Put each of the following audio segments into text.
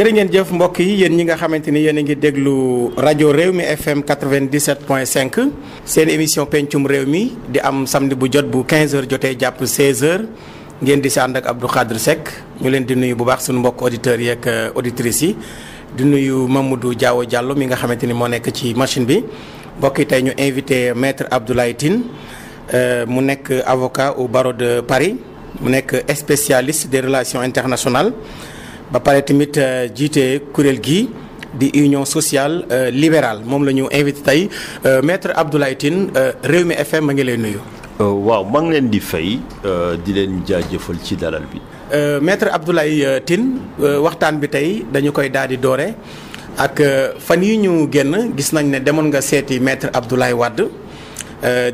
jërë ngeen jëf mbokk yi yéen ñi nga xamante ni yéen a ngi déglu rajo réew mi FM 97.5 seen émission pencum réew mi di am samedi bu jot bu 15h jotee jàpp 16h ngeen di si ànd ak Abdou Khadre Seck ñu leen di nuyu bu baax sunu mbokk auditeurs yi ak euh, auditrices yi di nuyu Mamadou Diawo Diallo mi nga xamante ni moo nekk ci machine bi mbokk yi tey ñu invité maître Abdoulaye Tine euh, mu nekk avocat au barreau de Paris mu nekk spécialiste des relations internationales. ba pare tamit euh, jiite kuréel gi di union sociale euh, libérale moom la ñu invité tey euh, maître Abdoulaye réew mi FM ma ngi lay nuyu. waaw maa ngi leen di fay di leen jaajëfal ci dalal bi. maître Abdoulaye tin waxtaan bi tey dañu koy daal di doore ak fan yi ñu génn gis nañ ne demoon nga seeti maître Abdoulaye Wade.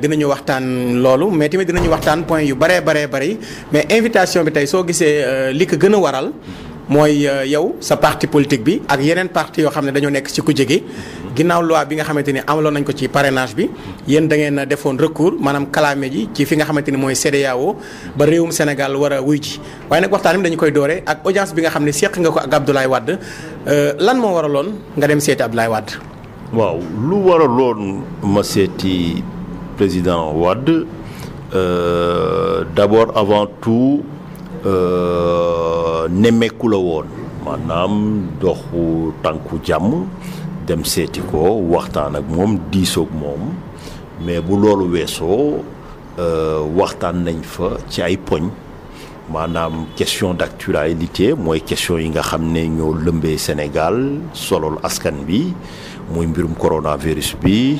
dinañu waxtaan loolu mais tamit ñu waxtaan point yu baree baree bari mais invitation bi tey soo gisee li ko gën a waral mooy euh, yow sa parti politique bi ak yeneen parti yoo xam ne dañoo nekk ci ko jege ginnaaw loi bi nga xamante ni amaloon nañ ko ci parrainage bi yéen da ngeen a defoon recours maanaam kalaame ji ci fi nga xamante ni mooy CEDEAO ba réewum Sénégal war a wuy ji waaye nag waxtaan bi dañu koy dooree ak audience bi nga xam ne seq nga ko ak Abdoulaye Wade euh, lan moo waraloon nga dem seeti Abdoulaye Wade. waaw lu waraloon ma seeti président wadd euh, d'abord avant tout. Euh, nemmeeku la woon maanaam doxu tànku jàmm dem seeti ko waxtaan ak moom diisoog moom mais bu loolu weesoo euh, waxtaan nañ fa ci ay poñ maanaam question d'actualité mooy question yi nga xam ne ñoo lëmbee Sénégal solol askan bi muy mbirum coronavirus bi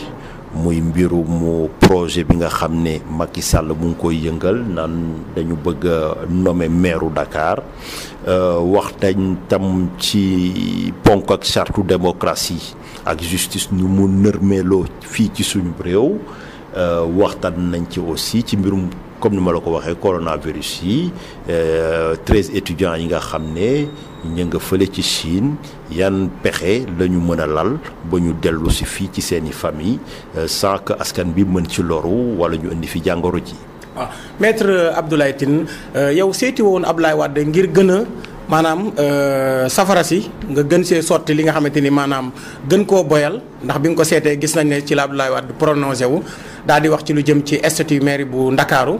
muy mbirum projet bi nga xam ne Macky Sall mu ngi koy yëngal na dañu bëgg a nommer maire Dakar euh, wax nañ tam ci ponk ak chartu démocratie ak justice ñu mu nërmeeloo fii ci suñu réew Euh, waxtaan nañ ci aussi ci mbirum comme ni ma la ko waxee coronavirus yi euh, treize étudiants yi nga xam ne ñu nga fële ci Chine yan pexe lañu ñu mën a lal ba ñu dellu si fii ci seeni famille euh, sans askan bi mën ci loru wala ñu indi fi jàngoro ji. waaw ah, maître Abdoulaye Tine yow seeti woon Abdoulaye Wade ngir gën a maanaam euh, safara si nga gën see sotti li nga xamante ni maanaam gën koo boyal ndax bi nga ko seetee gis nañ ne ci la Abdoulaye Wade prononcé wu daal di wax ci lu jëm ci statut mairie bu Ndakaaru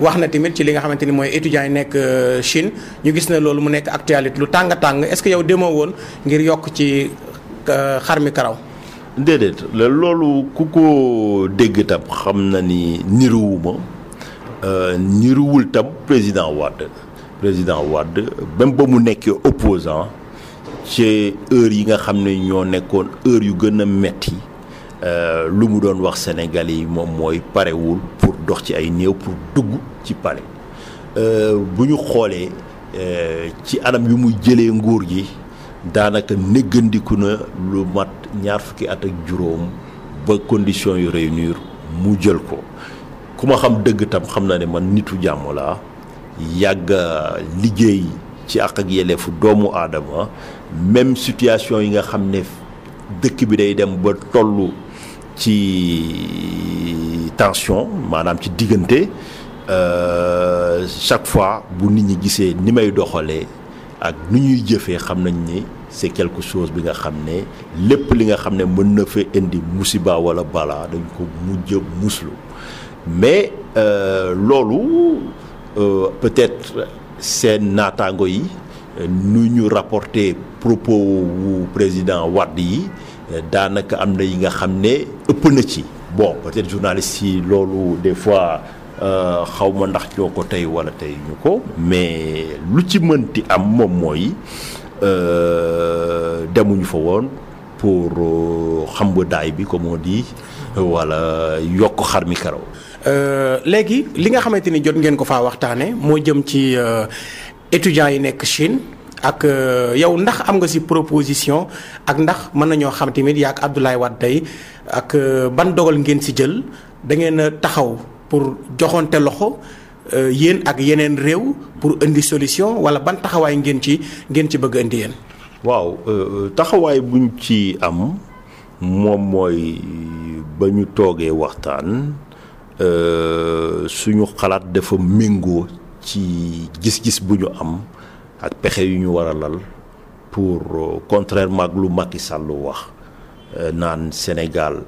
wax na tamit ci li nga xamante ni mooy étudiants yi nekk euh, Chine ñu gis ne loolu mu nekk actualité lu tàng tàng est-ce que demoo woon ngir yokk ci euh, xar mi karaw. déedéet loolu ku ko dégg tam xam na ni niruwuma niruwul tam président Wade. président Wade même ba mu nekkee opposant ci heure yi nga xam ne ñoo nekkoon heure yu gën a metti euh, lu mu doon wax sénégal yi moom mooy parewul pour dox ci ay néew pour dugg ci palais euh, bu ñu xoolee euh, ci anam yu mu jëlee nguur gi daanaka néggandiku na lu mat ñaar fukki at ak juróom ba condition yu réunir mu jël ko ku ma xam dëgg tam xam na ne man nitu jàmm laa yàgg liggéey ci àq ak yelleefu doomu aadama même situation yi nga xam ne dëkk bi day dem ba tollu ci tension maanaam ci diggante euh, chaque fois bu nit ñi gisee ni may doxalee ak nu ñuy jëfee xam nañ ni c'est quelque chose bi nga xam ne lépp li nga xam ne mën na fa indi musiba wala balaa dañ ko mujj muslu mais euh, loolu Euh, peut-être seen naataango yi euh, nu ñu rapporté propos wu président Wade yi euh, daanaka am na yi nga xam ne ëpp na ci bon peut-être journaliste yi loolu des fois xaw ma ndax ñoo ko tey wala tey ñu ko mais lu ci mënti am moom mooy demuñu fa woon pour xam nga bi comme di dit wala yokk xar mi karaw Euh, léegi li nga xamante ni jot ngeen ko faa waxtaane moo jëm ci euh, étudiants yi nekk Chine ak euh, yow ndax am nga si proposition ak ndax mën nañoo xam tamit yaa ak Abdoulaye Wade tey ak ban dogal ngeen si jël da ngeen a taxaw pour joxonte loxo yéen ak yeneen réew pour indi solution wala ban taxawaay ngeen ci ngeen ci bëgg indi yéen. waaw taxawaay buñ ci am moom mooy ba ñu toogee waxtaan. Euh, suñu xalaat dafa méngoo ci gis-gis bu ñu am ak pexe yu ñu war a lal pour euh, contrairement mag lu Macky Sall wax euh, naan Sénégal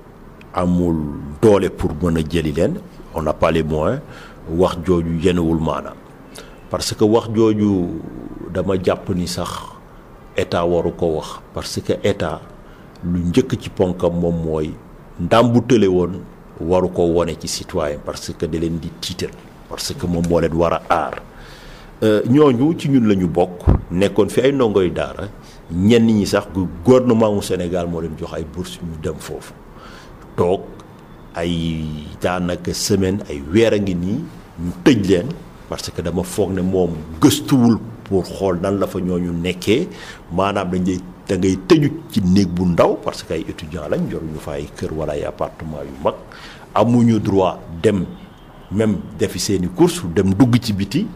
amul doole pour mën a jëli leen on n'a pas les wax jooju yenewul maanaam parce que wax jooju dama jàpp ni sax état waru ko wax parce que état lu njëkk ci ponkam moom mooy ndam tële woon waru ko wone ci citoyen parce que da leen di tiital parce que moom moo leen war a aar euh, ñooñu ci ñun la ñu bokk nekkoon fi ay ndongo ndongoy daara ñenn ñi sax gu gouvernement mu Sénégal moo leen jox ay bourse ñu dem foofu toog ay daanaka semaine ay weer a ngi nii ñu tëj leen parce que dama foog ne moom gëstuwul pour xool nan la fa ñu nekkee maanaam dañ lay da ngay tëju ci néeg bu ndaw parce que ay étudiants lañ yoruñu fa ay kër wala ay apartement yu mag amuñu droit dem même defi seeni course dem dugg ci biti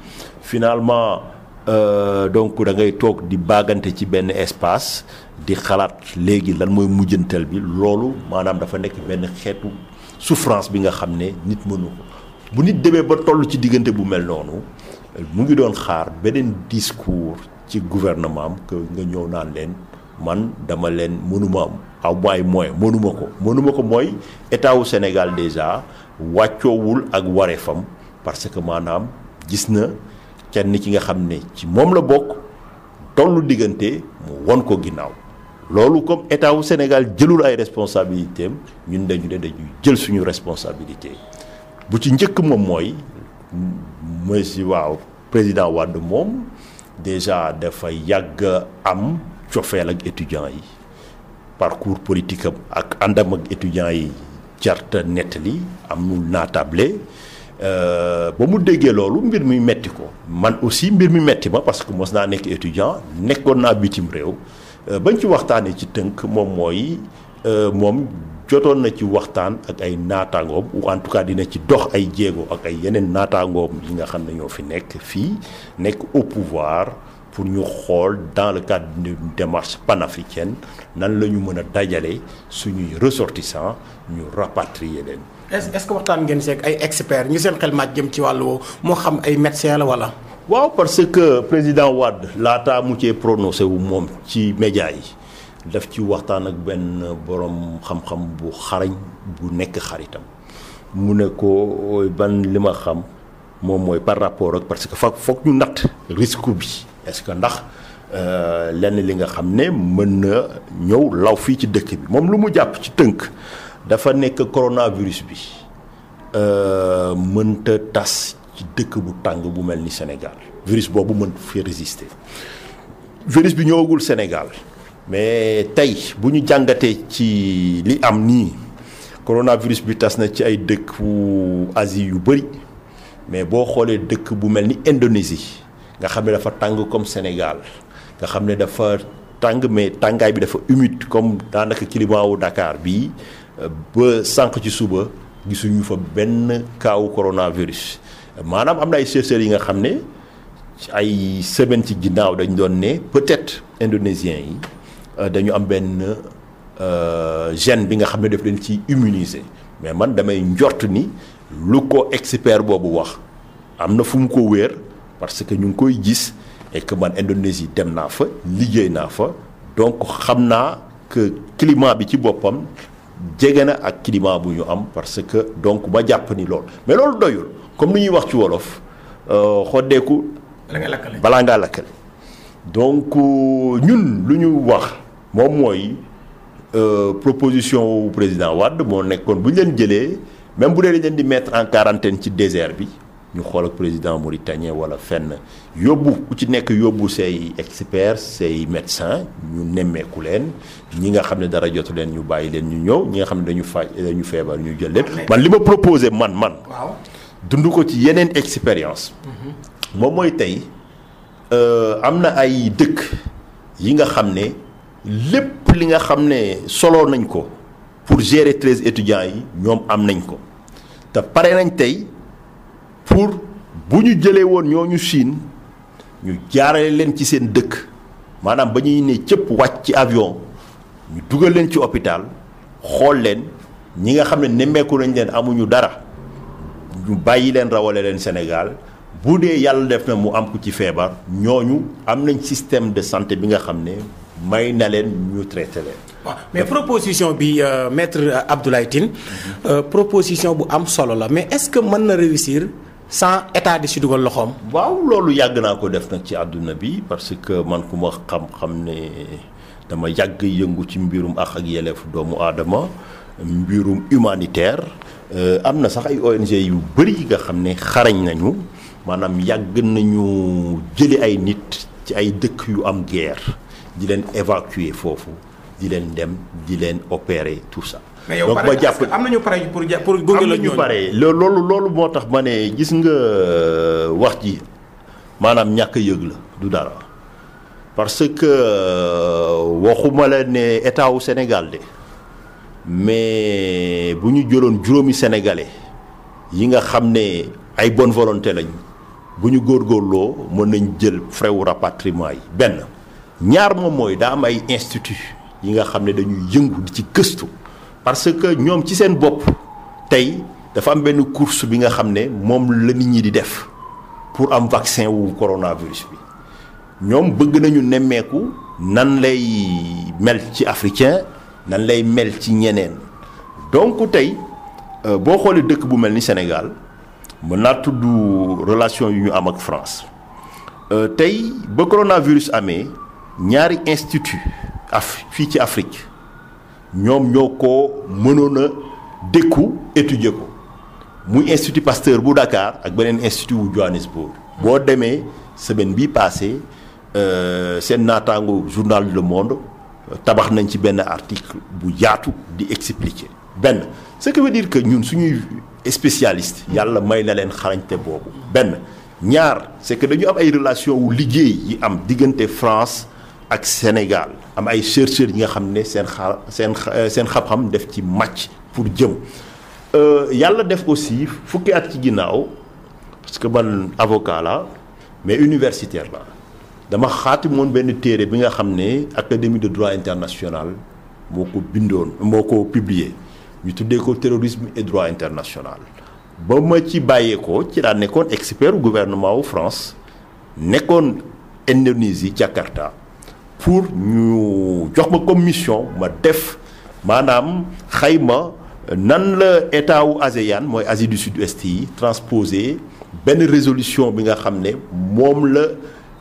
finalement euh, donc da ngay toog di baagante ci benn espace di xalaat léegi lan mooy mujjanteel bi loolu maanaam dafa nekk benn xeetu souffrance bi nga xam ne nit mënu ko bu nit demee ba toll ci diggante bu mel noonu mu ngi doon xaar beneen discours ci gouvernement am que nga ñëw naan leen man dama leen mënuma am aw ah, maay moyen mënuma ko mënuma ko mooy état wu Sénégal déjà wàccoowul ak wareefam parce que maanaam gis na kenn ki nga xam ne ci moom la bokk tollu diggante mu won ko ginnaaw loolu comme état wu Sénégal jëlul ay responsabilité am ñun dañu ne dañuy jël suñu responsabilité bu ci njëkk moom mooy mooy waaw président Wade moom déjà dafa yàgg a am cofeel ak étudiants yi parcours politique am ak àndam ak étudiants yi jarta nettali amul naatable euh, ba mu déggee loolu mbir mi metti ko man aussi mbir mi metti ma parce que mos naa nekk étudiant nekkoon naa bitim réew euh, bañ ci waxtaanee ci tënk moom mooy euh, moom jotoon na ci waxtaan ak ay naataangoom ou en tout cas dina ci dox ay jéego ak ay yeneen naataangoom yi nga xam ne ñoo fi nekk fii nekk au pouvoir pour ñu xool dans le cadre d'une démarche panafricaine nan la ñu mën a dajale suñuy ressortissants ñu rapatrier leen. est-ce que waxtaan ngeen seeg ay experts ñu seen xel maa jëm ci wàllu moo xam ay médecins la wala. waaw parce que président Wade laataa mu cee prononcé wu moom ci média yi daf ci waxtaan ak benn borom xam-xam bu xarañ bu nekk xaritam mu ne ko ban li ma xam moom mooy par rapport ak parce que fa foog ñu natt risque bi. est-ce que ndax euh, lenn li nga xam ne mën na ñëw law fii ci dëkk bi moom lu mu jàpp ci tënk dafa nekk coronavirus bi euh, mënta tas ci dëkk bu tàng bu mel ni Sénégal virus boobu mën fi résister virus bi ñëwagul Sénégal mais tey bu ñu jàngatee ci li am nii coronavirus bi tas na ci ay dëkk wu asi yu bëri mais boo xoolee dëkk bu mel ni Indonésie nga xam ne dafa tàng comme Sénégal nga xam ne dafa tàng mais tàngaay bi dafa humide comme daanaka climat wu Dakar bii ba sànq ci suba gisuñu fa benn kaawu coronavirus maanaam am na ay chercheurs yi nga xam ne ay semaine ci ginnaaw dañ doon ne peut-être indonésiens yi euh, dañu am benn euh, gène bi nga xam ne daf leen ci immuniser mais man damay njort ni lu ko expert boobu wax am na fu mu ko wéer parce que ñu ngi koy gis et que man Indonésie dem naa fa liggéey naa fa donc xam naa que climat bi ci boppam jege na ak climat bu ñu am parce que donc ma jàpp ni loolu mais loolu doyul comme ni ñuy wax ci wolof euh, xoddeeku. balaa ngaa lakkale donc euh, ñun lu ñu wax moom mooy euh, proposition wu président Wade moo nekkoon bu ñu leen jëlee même bu dee dañ leen di mettre en quarantaine ci désert bi. ñu xool ak président mauritanien wala fenn yóbbu ku ci nekk yóbbu say experts say médecins ñu nemmeeku leen ñi nga xam ne dara jotu leen ñu bàyyi leen ñu ñëw ñi nga xam ne dañu faj dañu feebar ñu jël lépp man li ma proposé man man. waaw dund ko ci yeneen expérience. Mhm. moom mooy tey euh, am na ay dëkk yi nga xam ne lépp li nga xam ne solo nañ ko pour gérer treize étudiants yi ñoom am nañ ko te pare nañ tey. pour bu ñu jëlee woon ñooñu Chine ñu jaarale leen ci seen dëkk maanaam ba ñuy ne cëpp wàcc ci avion ñu dugal leen ci hôpital xool leen ñi nga xam ne nemmeeku nañ leen amuñu dara ñu bàyyi leen rawale leen Sénégal bu dee yàlla def na mu am ku ci feebar ñooñu am nañ système de santé bi nga xam ne may na leen ñu traité leen. waaw mais proposition bi euh, maître Abdoulaye Tine mhm. euh, proposition bu am solo la mais est-ce que mën na réussir. sans état di si dugal loxoom. waaw loolu yàgg naa ko def nag ci àdduna bi parce que man ku ma xam-xam ne dama yàgg yëngu ci mbirum ak ak yeleefu doomu aadama mbirum humanitaire euh, am na sax ay ONG yu bëri yi nga xam ne xarañ nañu maanaam yàgg nañu jëli ay nit ci ay dëkk yu am guerre di leen évacuer foofu di leen dem di leen opere tout mais yow pare est am nañu pare pour pour gunge la ñu pare loolu loolu moo tax ma ne gis nga euh, wax ji maanaam ñàkk yëg la du dara parce que euh, waxuma la ne état wu Sénégal de mais bu ñu jëloon juróomi sénégalais yi nga xam ne ay bonne volonté lañ bu ñu góor góorloo mën nañ jël frais wu rapatriement yi benn ñaar moom mooy daa am ay institut yi nga xam ne dañuy yëngu di ci gëstu. parce que ñoom ci seen bopp tey dafa am benn course bi nga xam ne moom la nit ñi di def pour am vaccin wu coronavirus bi ñoom bëgg nañu nemmeeku nan lay mel ci africain nan lay mel ci ñeneen donc tey euh, boo xoolee dëkk bu mel ni Sénégal mën naa tudd relation yu ñu am ak France euh, tey ba coronavirus amee ñaari institut af fii ci Afrique ñoom ñoo ko mënoon a dékku étudier ko muy institut Pasteur bu dakaar ak beneen institut wu Johannesburg boo demee semaine bii passé euh, seen naataango journal Le Monde tabax nañ ci benn article bu yaatu di expliquer benn ce qui veut dire que ñun suñuy spécialiste yàlla may na leen xarañte boobu benn ñaar c'est que dañu am ay relation wu liggéey yi am diggante France ak Sénégal am ay chercheurs yi nga xam ne seen xa seen euh, seen xam-xam def ci match pour jëm euh, yàlla def ko aussi fukki at ci ginnaaw parce que man avocat la mais universitaire la dama xaatimoon benn téere bi nga xam ne académie de droit international moo ko bindoon moo ko publier ñu tuddee ko terrorisme et droit international ba ma ci ko ci laa nekkoon expert gouvernement wu France nekkoon Indonésie Jakarta pour ñu jox ma commission ma def maanaam xayma nan la état wu ASEAN mooy Asie du Sud-Est yi transposé benn résolution bi nga xam ne moom la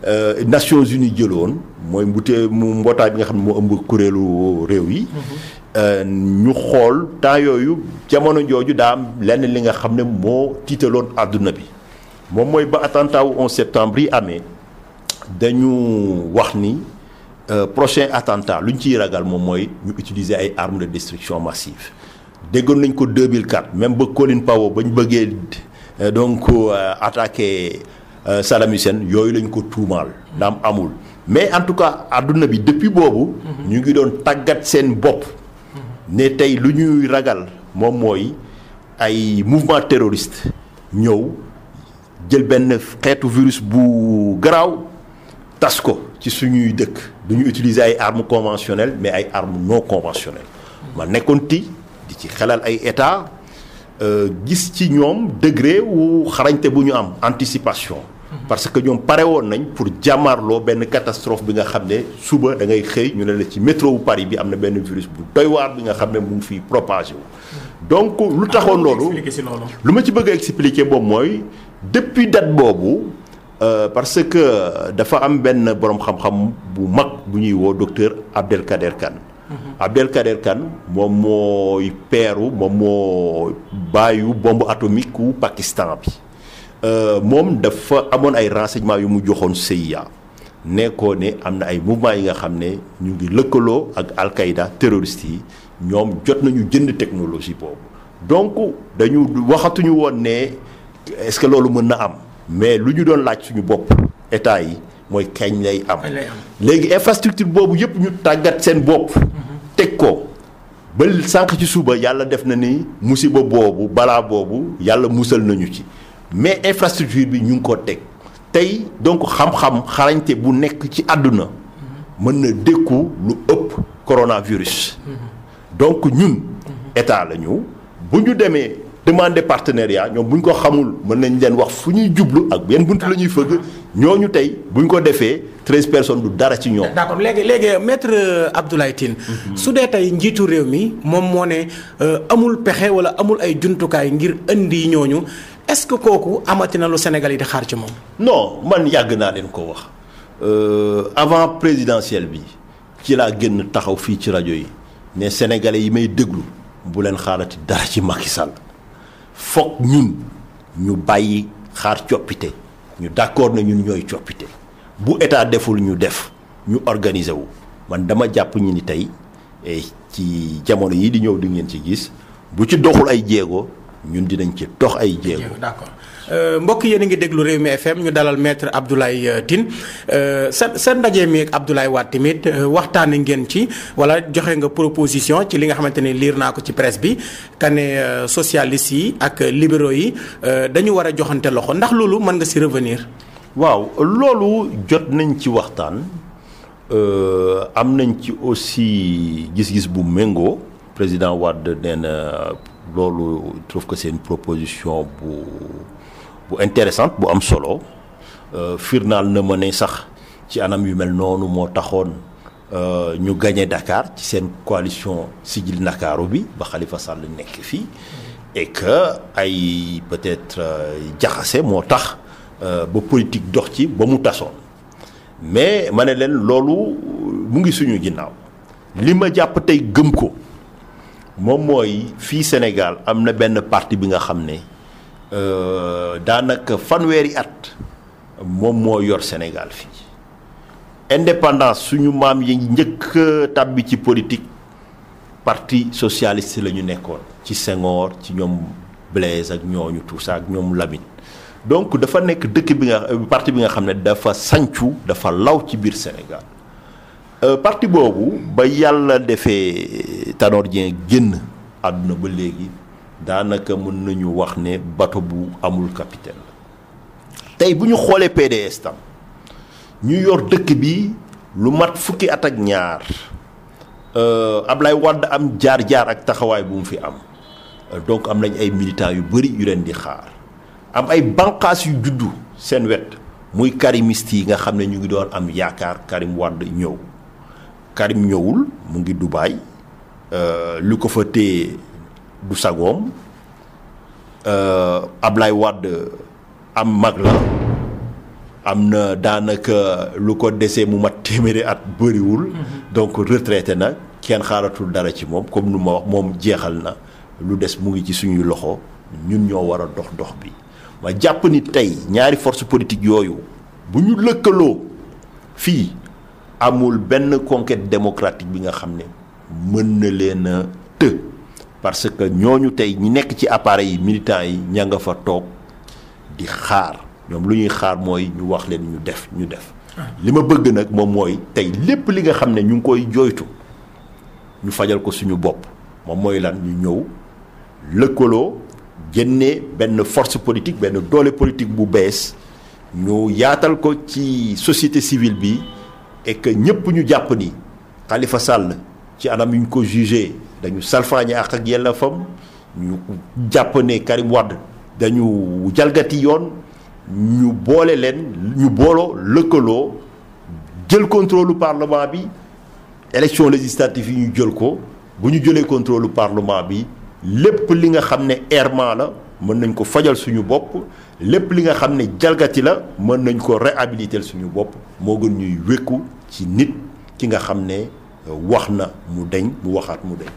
euh, Nations Unies jëloon mooy mbute mu mbootaay bi nga xam ne moo ëmb kuréelu réew yi. Mm-hmm. Euh, ñu xool temps yooyu jamono jooju daa lenn li nga xam ne moo tiitaloon àdduna bi moom mooy ba attentat wu 11 septembre yi amee dañu wax ni. Euh, prochain attentat lu ñu ciy ragal moom mooy ñu utiliser ay armes de destruction massive déggoon nañ ko 2004 même ba Colin Powell ba ñu bëggee euh, donc euh, attaqué Saddam yooyu lañ ko tuumaal ndaam amul mais en tout cas àdduna bi depuis boobu. Mhm. ñu ngi doon tàggat seen bopp. Mhm. ne tey lu ñuy ragal moom mooy ay mouvement terroriste ñëw jël benn xeetu virus bu garaaw tas ko. ci suñuy dëkk du ñu utiliser ay armes conventionnelles mais ay armes non conventionnelles ma nekkoon ti di ci xelal ay état euh, gis ci ñoom degré wu xarañte bu ñu am anticipation parce que ñoom pare woon nañ pour jàmmaarloo benn catastrophe bi nga xam ne suba da ngay xëy ñu ne la ci métro wu Paris bi am na benn virus bu doy waar bi nga xam ne mu ngi fiy donc lu taxoon ah, loolu lu ma ci bëgg a boobu mooy depuis date boobu. Euh, parce que dafa am benn borom xam-xam bu mag bu ñuy woo docteur Abdelkader Kane. Mhm. Abdelkader Kane moom mooy peeru moom moo bàyyu bombe atomique u Pakistan bi euh, moom dafa amoon ay renseignements yu mu joxoon CIA nekkoo ne am na ay mouvement yi nga xam ne ñu ngi lëkkaloo ak Al-Qaïda yi ñoom jot nañu jënd technologie boobu donc dañu waxatuñu woon ne est-ce que loolu mën na am mais lu ñu doon laaj suñu bopp état yi mooy kañ lay am. léegi infrastructure boobu yëpp ñu tàggat seen bopp. teg ko ba sànq ci suba yàlla def na ni musiba boobu balaa boobu yàlla musal nañu ci mais infrastructure bi ñu ngi ko teg tey donc xam-xam xarañte bu nekk ci àdduna mën na dékku lu ëpp coronavirus. Mm-hmm. donc ñun état la ñu bu ñu demee. demander partenariat ñoom bu ñu ko xamul mën nañ leen wax fu ñuy jublu ak yan bunt la ñuy fëgg ñooñu tey buñ ko defee treize personne du dara ci ñoom. d'accord léegi léegi maître Abdoulaye Tine. Mhm. su dee tey njiitu réew mi moom moo ne euh, amul pexe wala amul ay jumtukaay ngir indi ñooñu est-ce que kooku amati na lu Sénégal yi di xaar ci moom. non man yàgg naa leen ko wax. Euh, avant présidentielle bi ci laa génn taxaw fii ci rajo yi ne sénégalais yi may déglu bu leen xaarati dara ci foog ñun ñu bàyyi xaar coppite ñu d'accord na ñun ñooy coppite bu état deful ñu def ñu organiser wu man dama jàpp ñu ni tey eh, ci jamono yi di ñëw di ngeen ci gis bu ci doxul ay jéego ñun dinañ ci dox ay jéego d'accord Euh, mbokk yéen a ngi déglu réew mi FM ñu dalal maître Abdoulaye euh, Tine euh, sa seen ndaje mi ak Abdoulaye Wade tamit waxtaane ngeen ci wala joxe nga proposition ci li nga xamante ni liir naa ko ci presse bi kane socialistes yi ak libéraux yi dañu war a joxante loxo ndax loolu mën nga si revenir. waaw loolu jot nañ ci waxtaan am nañ ci aussi gis-gis bu méngoo président Wade nee loolu trouve que seen proposition bu. bu intéressante bu am solo euh, firnaal na ma ne sax ci anam yu mel noonu moo taxoon euh, ñu gañe ndakaar ci seen coalition Siggil Ndakaaru bi ba Khalifa Sall nekk fii et que ay peut-être euh, jaxase moo tax ba politique dox ci ba mu tasoon mais ma ne leen loolu mu ngi suñu ginnaaw li ma jàpp tey gëm ko moom mooy fii Sénégal am na benn partie bi nga xam ne Euh, daanaka fanweeri at moom moo yor Sénégal fii indépendance suñu maam yi njëkk tàbbi ci politique parti socialist la ñu nekkoon ci Senghor ci ñoom Blaise ak ñooñu tout ak ñoom Lamine donc dafa nekk dëkk bi nga parti bi nga xam ne dafa sancu dafa law ci biir Sénégal euh, parti boobu ba yàlla defee Tanor Dieng génn àdduna ba léegi daanaka mën nañu wax ne bato bu amul capitaine tey bu ñu xoolee PDS tam ñu yor dëkk bi lu mat fukki at ak ñaar euh, lay wadd am jaar-jaar ak taxawaay bu mu fi am donc am nañ ay militants yu bëri yu leen di xaar am ay banqaas yu juddu seen wet muy karimiste yi nga xam ne ñu ngi doon am yaakaar Karim Wade ñëw Karim ñëwul mu ngi Dubaay euh, lu ko fa téye du sagoom euh, Ablaye wadd am mag la am na daanaka lu ko desee mu mat téeméeri at bëriwul. Mhm. donc retraité na kenn xaaratul dara ci moom comme nu ma wax moom jeexal na lu des mu ngi ci suñuy loxo ñun ñoo wara dox dox bi. ma jàpp ni tey ñaari force politique yooyu bu ñu lëkkaloo fii amul benn conquête démocratique bi nga xam ne mën na leen a të. parce que ñooñu tey ñi nekk ci appareil yi militants yi ñaa nga fa toog di xaar ñoom lu ñuy xaar mooy ñu wax leen ñu def ñu def. li ma bëgg nag moom mooy tey lépp li nga xam ne ñu ngi koy jooytu ñu fajal ko suñu bopp moom mooy lan ñu ñëw lëkkaloo génnee benn force politique benn doole politique bu bees ñu yaatal ko ci société civile bi et que ñëpp ñu jàpp ni xalifa sàll ci anam yu ñu ko jugé. dañu salfaañe ak ak yelleefam ñu jàpp ne Karim Wade dañu jalgati yoon ñu boole ñu booloo lëkkaloo jël contrôle parlement bi élection législative yi ñu jël ko bu ñu jëlee contrôle parlement bi lépp li nga xam ne errement la mën nañ ko fajal suñu bopp lépp li nga xam ne jalgati la mën nañ ko réhabiliter suñu bopp moo gën ñuy wékku ci nit ki nga xam ne wax na mu deñ mu waxaat mu deñ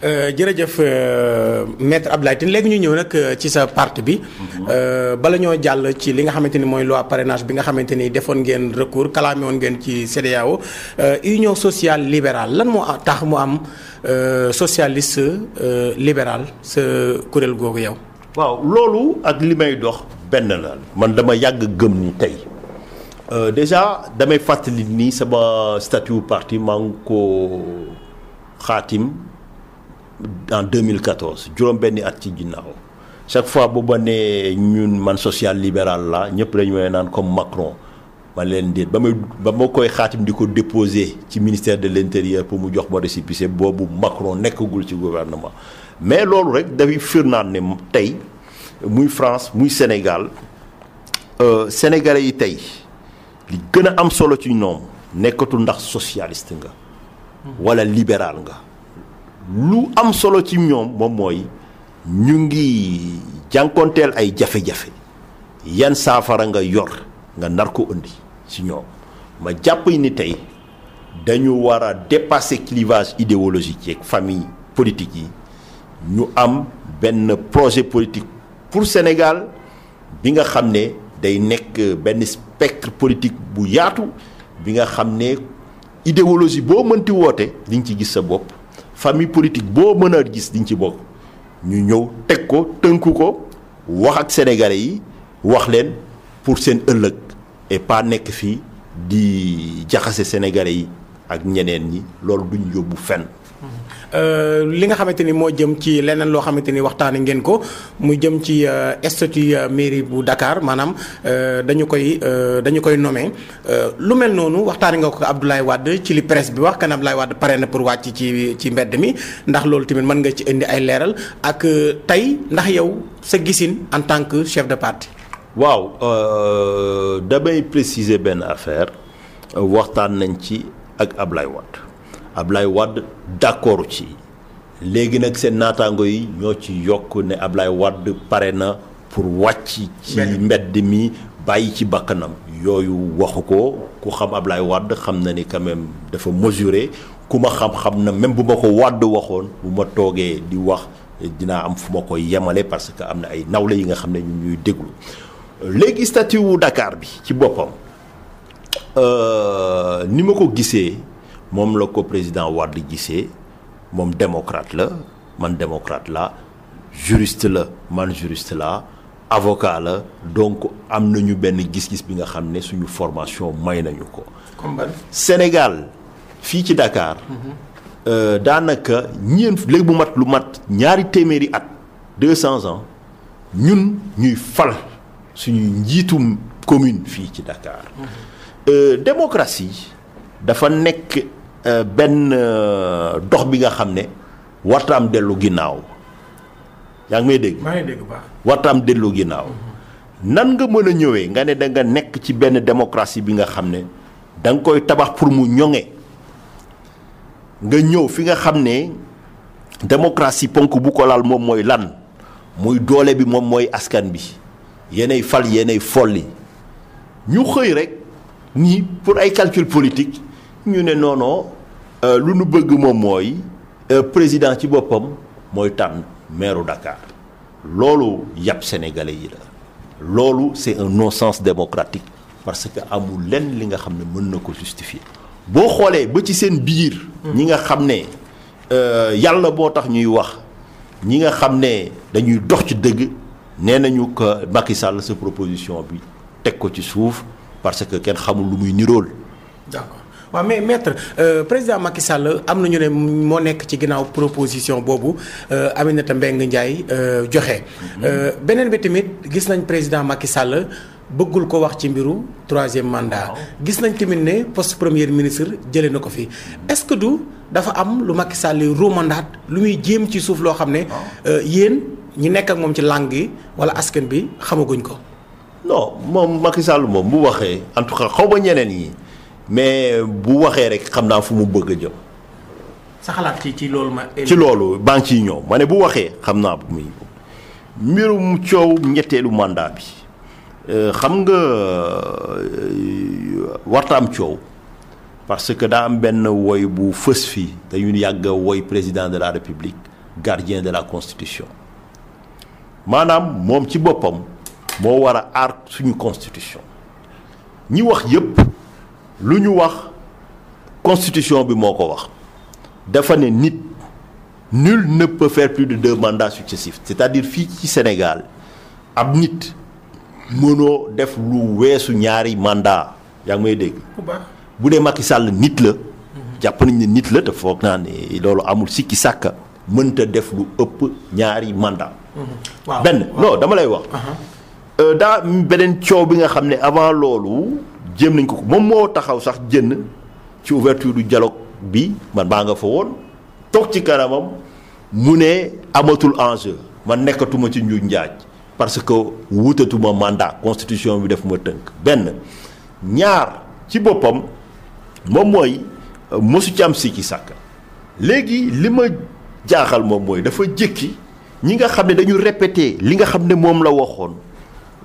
Euh, jërëjëf euh, maître Abdoulaye Tine léegi ñu ñëw rek euh, ci sa parti bi. Mhm. bala ñoo jàll ci li nga xamante ni mooy loi parrainage bi nga xamante ni defoon ngeen recours kalaame oon ngeen ci CEDEAO union sociale libérale lan moo tax mu am socialiste libéral sa kuréel googu yow. waaw loolu ak li may dox benn la. man dama yàgg gëm ni tey. déjà damay fàttali ni sama statut parti maa ko xaatim en 2014 juróom-benni at ci ginnaaw chaque fois boobu ma nee ñun man social libéral la ñëpp dañu may naan comme Macron ma leen déet ba may ba ma koy xaatim di ko déposé ci ministère de l' intérieur pour mu jox ma récépissé boobu Macron nekkagul ci gouvernement. mais loolu rek dafay firnaat ne tey muy France muy Sénégal euh, sénégalais yi tey li gën a am solo ci ñoom nekkatul ndax socialiste nga. wala libéral nga. lu am solo ci ñoom moom mooy ñu ngi jànkonteel ay jafe-jafe yan saafara nga yor nga nar ko indi ci ñoom ma jàpp ni tey dañu war a dépasser clivage idéologique yeeg famille politique yi ñu am benn projet politique pour Sénégal bi nga xam ne day nekk benn spectre politique bu yaatu bi nga xam ne idéologie boo mënti woote liñ ci gis sa bopp famille politique boo mën gis diñ ci bokk ñu ñëw teg ko tënku ko wax ak sénégalais yi wax leen pour seen ëllëg et pas nekk fii di jaxase sénégalais yi ak ñeneen ñi loolu duñ yóbbu fenn. Euh, li nga xamante ni moo jëm ci leneen loo xamante ni waxtaane ngeen ko mu jëm ci euh, statut euh, mairie bu dakaar maanaam dañu koy dañu koy nommé lu mel noonu waxtaane nga ko Abdoulaye wadd ci li presse bi wax kan Abdoulaye wadd pare na pour wàcc ci ci mbedd mi ndax loolu tamit mën nga ci indi ay leeral ak tey ndax yow sa gisin en tant que chef de parti. waaw damay préciser benn affaire waxtaan nañ ci ak Abdoulaye Wade Ablaye Wade d'accord ci léegi nag seen naataango yi ñoo ci yokk ne Ablaye Wade pare na pour wàcc ci mbedd mi bàyyi ci bàkkanam yooyu waxu ko ku xam Ablaye Wade xam na ni quand même dafa mesuré ku ma xam-xam na même bu ma ko Wade waxoon bu ma toogee di wax dinaa am fu ma ko yemale parce que am na ay nawle yi nga xam ne ñu ñuy déglu léegi statut wu Dakar bi ci boppam euh, ni ma ko gisee moom la ko président Wade gisee moom démocrate la man démocrate la juriste la man juriste la avocat la donc am nañu benn gis-gis bi nga xam ne suñu formation may nañu ko. Sénégal fii ci Dakar. Mhm. Euh, daanaka ñeent léegi bu mat lu mat ñaari téeméeri at deux cents ans ñun ñuy fal suñu njiitum commune fii ci Dakar. Mhm. Euh, démocratie dafa nekk. Euh, benn euh, dox bi nga xam ne wartaam dellu ginnaaw yaa ngi may dégg. maa ngi dégg baax dellu ginnaaw. Mm-hmm. nan nga mën a ñëwee nga ne da nga nekk ci benn démocratie bi nga xam ne da nga koy tabax pour mu ñoŋe nga ñëw fi nga xam ne démocratie ponk bu ko laal moom mooy lan muy doole bi moom mooy askan bi yéenay fal yéenay folli ñu xëy rek nii pour ay calcul politique. ñu ne noonoo euh, lu nu bëgg moom mooy euh, président ci boppam mooy tànn maire Dakar loolu yàpp sénégalais yi la loolu c'est un non-sens démocratique parce que amul lenn li nga xam ne mën na ko justifier boo xoolee ba ci seen biir ñi nga xam ne euh, yàlla boo tax ñuy wax ñi nga xam ne dañuy dox ci dëgg nee nañu que Macky Sall sa proposition bi teg ko ci suuf parce que kenn xamul lu muy nirool waa mais maître euh, président Macky Sall am na ñu ne moo nekk ci ginnaaw proposition boobu euh, Aminata Mbengue Ndiaye euh, joxe. Mhm. beneen bi tamit gis nañ président Macky Sall bëggul ko wax ci mbiru troisième mandat. gis nañ tamit ne poste premier ministre jëlee na ko fi est-ce que du dafa am lu Macky Sall ruumandaat lu muy jéem ci suuf loo xam ne. yéen ñi nekk ak moom ci langue yi wala askan bi xamaguñ ko. non moom Macky Sall moom bu waxee en tout xaw ma ñeneen yi mais bu waxee rek xam naa fu mu bëgg a jëm. sa xalaat ci ci loolu ma. ci loolu ciy ñëw ma ne bu waxee xam naa bu muy mbirum coow ñetteelu mandat bi euh, xam nga euh, warta am coow parce que daa am benn woy bu fës fii dañu yàgg woy président de la république gardien de la constitution maanaam moom ci boppam moo war a aar suñu constitution ñi wax yépp lu ñu wax constitution bi moo ko wax dafa ne nit nul ne peut faire plus de deux mandats successifs c'est-à-dire fii ci Sénégal ab nit mënoo def lu weesu ñaari mandat yaa ngi may dégg bu dee Macky sàll nit la jàpp nañ ne nit la te foog naa ne loolu amul sikki sàkka mënta def lu ëpp ñaari mandat benn non dama lay wax uh-huh. euh, daa beneen coow bi nga xam ne avant loolu jéem nañ ko ko moom moo taxaw sax jënn ci ouverture du dialogue bi man baa nga fa woon toog ci kanamam mu ne amatul enjeu man nekkatuma ci njuuj njaaj parce que wutatuma mandat constitution bi def ma tënk benn ñaar ci boppam moom mooy euh, mosu ci am ci sàkk léegi li ma jaaxal moom mooy dafa jékki ñi nga xam ne dañu répété li nga xam ne moom la waxoon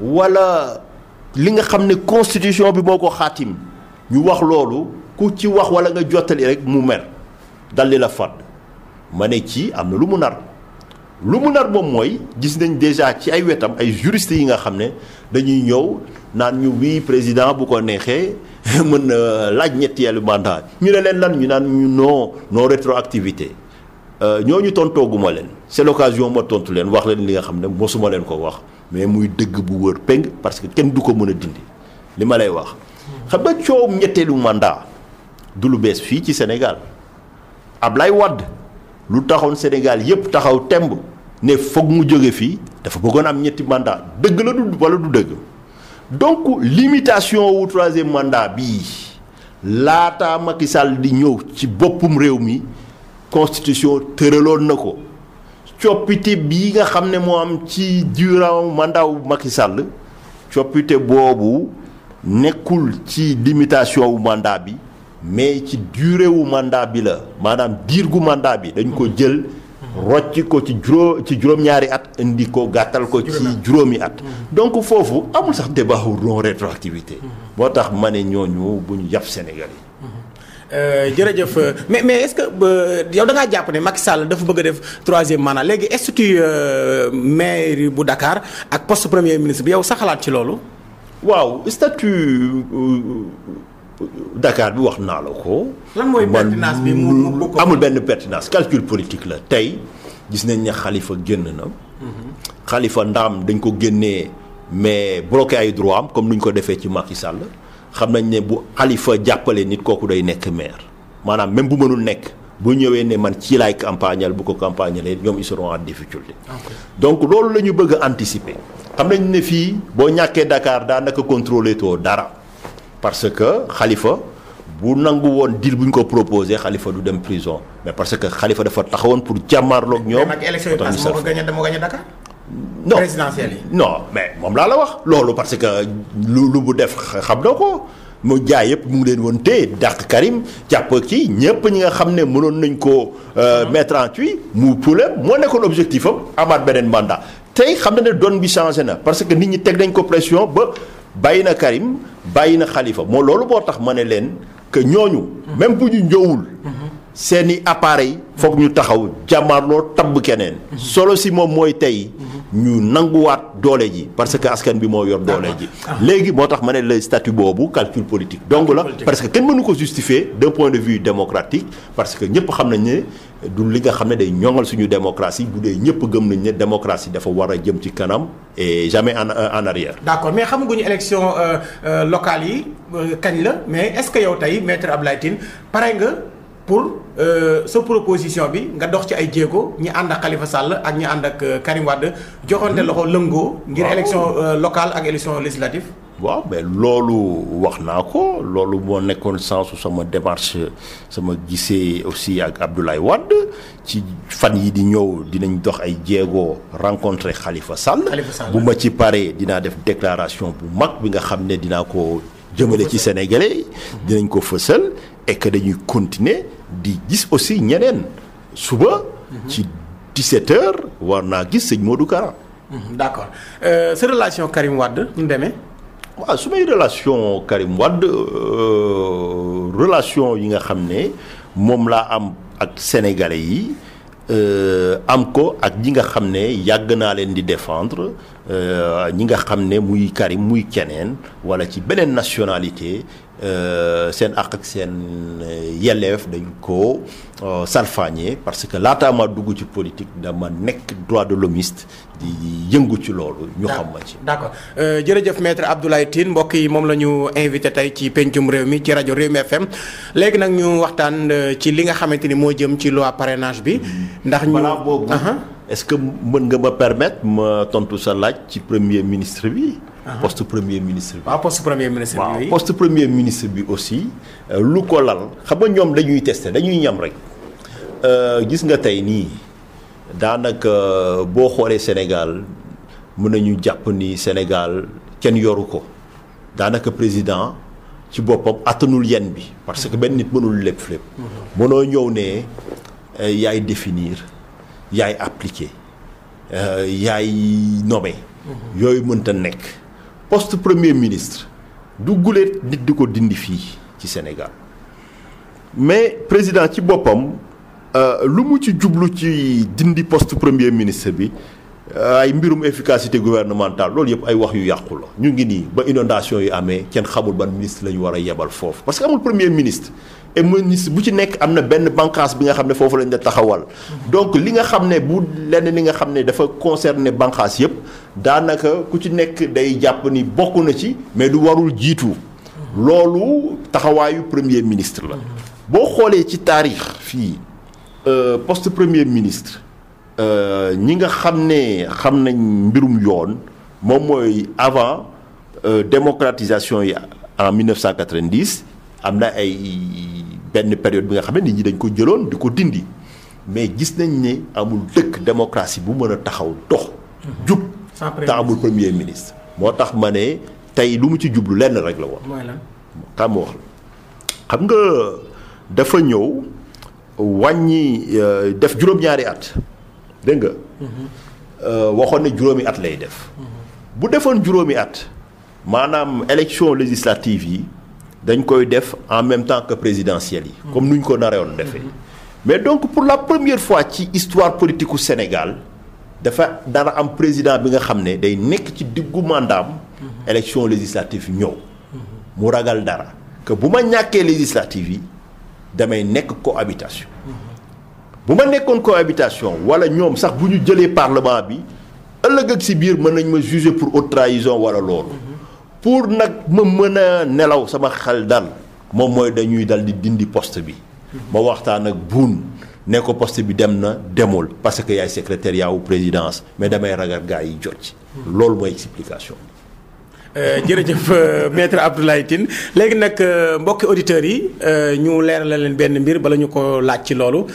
wala li nga xam ne constitution bi moo ko xaatim ñu wax loolu ku ci wax walla nga jottali rek mu mer dal dalli la fàdd ma ne ci am na lu mu nar lu mu nar moom mooy gis nañ déjà ci ay wetam ay juristes yi nga xam ne dañuy ñëw naan ñu wii président bu ko neexee mën na laaj ñetti ñetteelu mandat ñu ne leen lan ñu naan ñu noo non non rétroactivité euh, ñooñu tontooguma leen c'est l'occasion ma tontu leen wax leen li nga xam ne mosuma leen ko wax mais muy dëgg bu wër péng parce que kenn du ko mën a dindi li ma lay wax. xam nga ñetteelu mandat du lu bees fii ci ab lay wadd lu taxoon Sénégal yépp taxaw temb ne foog mu jóge fii dafa bëggoon am ñetti mandat dëgg la du wala du dëgg donc limitation wu troisième mandat bii laataa Macky Sall di ñëw ci boppum réew mi constitution tëraloon na ko. coppite bi nga xam ne moo am ci durant mandaw Macky Sall coppite boobu nekkul ci limitation wu mandat bi mais ci durée wu bi la maanaam diir gu mandat bi dañ ko jël rocc ko ci juróom ci juróom-ñaari at indi ko gàttal ko ci juróomi at donc foofu amul sax débat wu non rétroactivité moo tax ma ne ñooñu bu ñu yàpp Sénégal yi Euh, jërëjëf mais mais est-ce que euh, yow da ngaa jàpp ne Macky Sall dafa bëgg a def troisième mandat léegi institut euh, maire bu dakaar ak post premier ministre bi yow sa xalaat ci loolu. waaw statut dakaar bi wax naa la ko. lan mooy pertinence bi mu amul benn pertinance calcul politique la tey gis nañ ne xalifa génn na. xalifa mhm. ndaam dañ ko génnee mais bloqué ay droit am comme ni ñu ko defee ci Macky Sall. xam nañ ne bu xalifa jàppale nit kooku day nekk maire maanaam même bu mënul nekk bu ñëwee ne man ci laay campagnal bu ko campagnalee ñoom ils seront en donc loolu la ñu bëgg a anticiper. xam nañ ne fii boo ñàkkee Dakar daanaka contrôlé too dara parce que xalifa bu nangu woon deal buñ ko proposé xalifa du dem prison mais parce que xalifa dafa taxawoon pour jàmmarloog ñoom. mais moo ko gagné non présidentielle yi. non mais moom laa la wax loolu parce que lu lu mu def xam na ko mu jaay yëpp mu ngi leen woon téye dàq Karim jàpp ci ñëpp ñi nga xam ne mënoon nañ koo euh, ah. mettre en tuy mu problème moo nekkoon objectif am amaat beneen mandat tey xam na ne donne bi changé na parce que nit ñi teg nañ ko pression ba bàyyi na Karim bàyyi na xalifa moo loolu boo tax ma ne leen que ñooñu. Mm-hmm. même bu ñu ñëwul. Mm-hmm. seeni appareil foog ñu taxaw jàmmaarloo tabb keneen. Mm-hmm. solo si moom mooy tey. ñu nanguwaat doole ji parce que askan bi moo yor doole ji léegi moo tax ma ne la statut boobu calcul politique donc la parce que kenn mënu ko justifier d'un point de vue démocratique parce que ñëpp xam nañ ne du li nga xam ne day ñoŋal suñu démocratie bu dee ñëpp gëm nañ ne démocratie dafa war a jëm ci kanam et jamais en en arrière. d'accord mais xamaguñu élection euh, euh, locale yi euh, kañ la mais est-ce que yow tey maitre Abdoulaye Tine pare nga. pour euh, sa proposition bi nga dox ci ay jéego ñi ànd ak Khalifa sàll ak ñi ànd ak euh, Karim Wade joxante hmm. loxo lëngoo. ngir élection euh, locale ak élection législative. waaw mais loolu wax naa ko loolu moo nekkoon sensu sama démarche sama gisee aussi ak Abdoulaye Wade ci fan yi di ñëw dinañ dox ay jéego rencontré Khalifa Sall. bu ma ci paree dinaa def déclaration bu mag bi nga xam ne dinaa ko jëmale ci sénégalais hmm. dinañ ko fësal. et que dañuy continuer di gis aussi ñeneen suba. Mhm. ci 17h war naa gis sëñ Modou Kara. Mhm, d' accord euh, sa relation Karim Wade ñu demee. waaw su may relation Karim wadd euh, relation yi nga xam ne moom laa am ak sénégalais yi. Euh, am ko ak ñi nga xam ne yàgg naa leen di défendre euh, ñi nga xam ne muy Karim muy keneen walla ci beneen nationalité Euh, seen àq ak seen euh, yelleef dañ ko euh, salfaañee parce que laataa ma dugg ci politique dama nekk droit de l'hommiste di yëngu ci loolu ñu xam ma ci d'accord jërëjëf maître Abdoulaye Tine mbokk yi moom la ñu invité tey ci pencum réew mi ci rajo réew mi FM léegi nag ñu waxtaan ci li nga xamante ni moo jëm ci loi parrainage bi mm-hmm. ndax ñu uh-huh. est-ce que mën nga ma permettre ma tontu sa laaj ci premier ministre bi Ah, poste premier ministre bi. waaw poste premier ministre bi waaw poste premier ministre bi aussi. Euh, lu ko lal xam nga ñoom dañuy teste dañuy ñam rek euh, gis nga tey nii daanaka euh, boo xoolee Sénégal mën nañu jàpp ni Sénégal kenn yoru ko daanaka président ci boppam attanul yenn bi. parce que benn nit mënul lépp lépp. Mhm. mënoo ñëw ne yaay définir yaay appliquer yaay nommer. Mhm. yooyu mënta nekk. poste premier ministre du guléet nit di ko dindi fii ci Sénégal mais président ci boppam euh, lu mu ci jublu ci dindi poste premier ministre bi euh, ay mbirum efficacité gouvernementale loolu yëpp ay wax yu yàqu la ñu ngi nii ba inondation yu amee kenn xamul ban ministre la ñu war a yebal foofu parce que amul premier ministre et bu ci nekk am na benn bànqaas bi nga xam ne foofu lañ la taxawal donc li nga xam ne bu lenn li nga xam ne dafa concerner bànqaas yëpp daanaka ku ci nekk day jàpp ni bokk na ci mais du warul jiitu loolu taxawaayu premier ministre la boo xoolee ci taarix fii euh, poste premier ministre euh, ñi nga xam ne xam nañ mbirum yoon moom mooy avant euh, démocratisation yi en 1990 am na ay benn période bi nga xam ne nit ñi dañ ko jëloon di ko dindi mais gis nañ ne amul dëkk démocratie bu mën a taxaw dox jub te amul premier ministre moo tax ma ne tey lu mu ci jublu lenn rek la woon kaa ma wax la xam nga dafa ñëw wàññi euh, def juróom-ñaari at dégg nga mm-hmm. euh, waxoon ne juróomi at lay def mm-hmm. bu defoon juróomi at maanaam élection législative yi dañ koy def en même temps que présidentielle yi comme mm-hmm. nuñ ko narewoon defee mais donc pour la première fois ci histoire politiku Sénégal dafa dara am président bi nga xam ne day nekk ci diggu mandaam élection législative ñëw mu ragal dara que bu ma ñàkkee législative yi damay nekk cohabitation bu ma nekkoon cohabitation wala ñoom sax bu ñu jëlee parlement bi ëllëg ak si biir mën nañ ma juger pour haute trahison wala loolu pour nag ma mën a nelaw sama xel dal moom mooy dañuy dal di dindi poste bi ma waxtaan ak buun ne ko poste bi dem na demul parce que yaay secrétariat wu présidence mais damay ragal gars yi jot ci. loolu mooy explication euh, jërëjëf euh, maître Abdoulaye Tine léegi nag euh, mbokki auditeurs yi ñu leeralal leen benn mbir bala ñu ko laaj ci loolu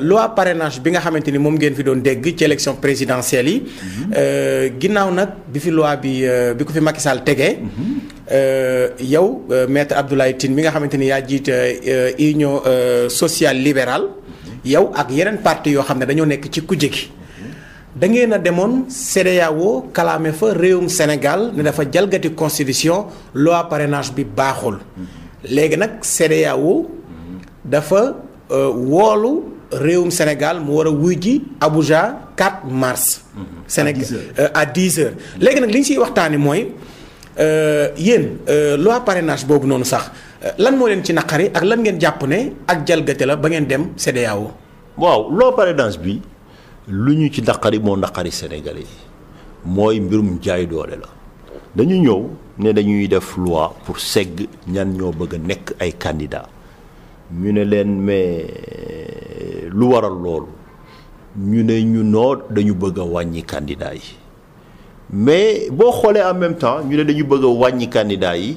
loi parenage bi nga xamante ni moom ngeen fi doon dégg ci élection présidentielle yi. Mhm. ginnaaw nag bi fi loi bi bi ko fi Macky Sall tegee. Mhm. yow maître Abdoulaye Tine bi nga xamante ni yaa jiite union social libérale. yow ak yeneen parti yoo xam ne dañoo nekk ci kujje gi da ngeen a demoon CEDEAO kalaame fa réewum Sénégal ne dafa jalgati constitution loi parrainage bi baaxul léegi nag CEDEAO dafa euh, woolu réewum Sénégal mu war a wuy ji Abuja mars. Mm-hmm. Sénégal à 10 euh, heures léegi nag li ñu siy waxtaanee mooy euh, yéen loi parenage boobu noonu sax. lan moo leen ci naqari ak lan ngeen jàpp ne ak jalgate la ba ngeen dem CEDEAO. waaw loo parrainage bi lu ñu ci naqari moo naqari Sénégalais yi mooy mbirum jaay doole la dañu ñëw ne dañuy def loi pour segg ñan ñoo bëgg a nekk ay candidats ñu ne leen mais euh, lu waral loolu ñu ne ñu noo dañu bëgg a wàññi candidats yi mais boo xoolee en même temps ñu ne dañu bëgg a wàññi candidats yi.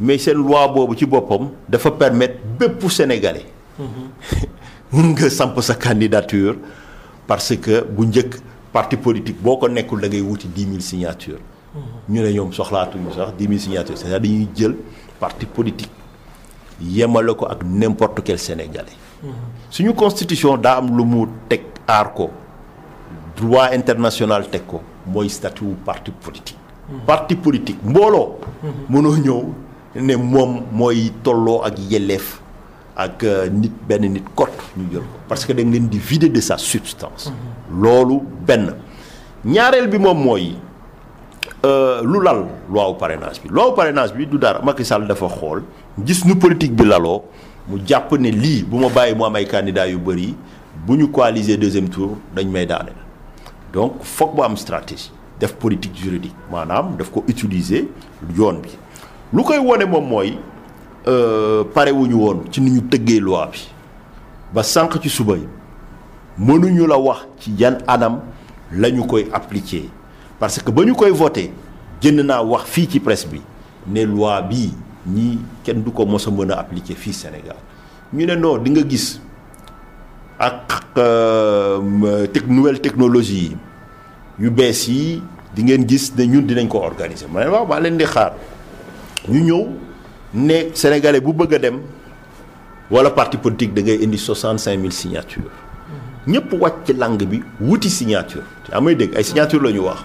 mais seen loi boobu ci boppam dafa permettre bépp sénégalais. mun nga samp sa candidature parce que bu njëkk parti politique boo ko nekkul da ngay wuti dix mille ñu ne ñoom soxlaatuñu sax dix mille signatures cest dañuy jël parti politique yemale ko ak n'importe quel sénégalais. suñu constitution daa am lu mu teg aar ko droit international teg ko mooy statut parti politique. Hmm. parti politique mbooloo. Hmm. mënoo ñëw. ne moom mooy tolloo ak yelleef ak euh, nit benn nit kott ñu jël ko parce que da nga leen di vider de sa substance mm-hmm. loolu benn ñaareel bi moom mooy euh, lu lal loi wu parrainage bi loi wu bi du daar Macky Sall dafa xool gis nu politique bi laloo mu jàpp ne lii bu ma bàyyi mu am ay candidats yu bëri bu ñu coaliser deuxième tour dañ may daaneel donc foog bu am stratége def politique juridique maanaam daf ko utiliser yoon bi lu koy wone moom mooy euh, pare wuñu woon ci ni ñu tëggee loi bi ba sànq ci suba yi mënuñu la wax ci yan anam la ñu koy appliquer parce que ba ñu koy voté jënd naa wax fii ci presse bi ne loi bi ñii kenn du ko mos a mën a appliquer fii Sénégal ñu ne non di nga gis ak euh, teg nouvelle technologie yi yu bees yi di ngeen gis ne ñun dinañ ko organiser ma leen waaw maa leen di xaar. ñu ñëw ne sénégalais bu bëgg a dem wala parti politique da ngay indi mille signatures ñëpp wàcc ci lang bi wuti signature te amay dégg ay signature la ñu wax.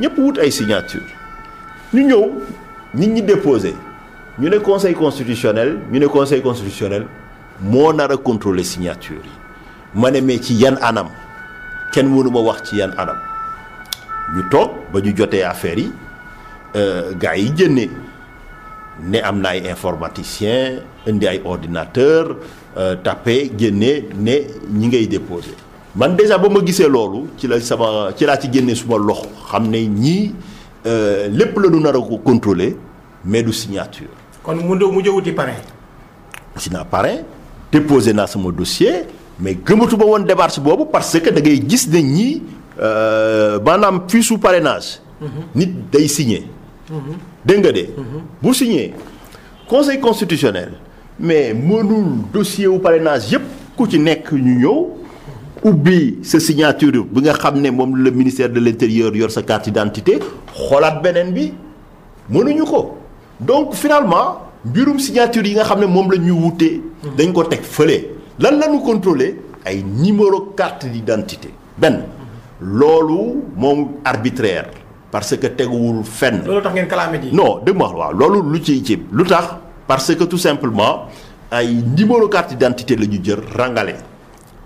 ñëpp wut ay signature ñu ñëw nit ñi déposé ñu ne conseil constitutionnel ñu ne conseil constitutionnel moo nar a contrôler signature yi ma ne mais ci yan anam kenn mënu ma wax ci yan anam ñu toog ba ñu jotee affaire yi euh, gars yi jënnee. ne am na ay informaticien indi ay ordinateur euh, tapé génne ne ñi ngay déposé man déjà ba ma gisee loolu ci la sama ci laa ci génne suma loxo xam ne ñii euh, lépp la ñu nar a ko contrôler mais du signature. kon mu doon mu jëwuti parrain. si naa parrain déposé naa sama dossier mais gëmatuma woon démarche boobu parce que da ngay gis ne ñii euh, maanaam fii su parenage mhm. nit day signé. dégg nga de. bu signé conseil constitutionnel mais mënul dossier wu parrainage yëpp ku ci nekk ñu ñëw. ubbi sa signature bi nga xam ne moom la ministère de l'intérieur yor sa carte d'identité xoolaat beneen bi mënuñu ko donc finalement mbirum signature yi nga xam ne moom la ñuy wutee dañ ko teg fële lan la ñu contrôler ay numéro carte d'identité benn loolu moom arbitraire parce que teguwul fenn. loolu tax ngeen kalaame ji. non dégg nga waaw loolu lu ciy cib lu tax parce que tout simplement ay numéro carte d'identité la ñu jër rangale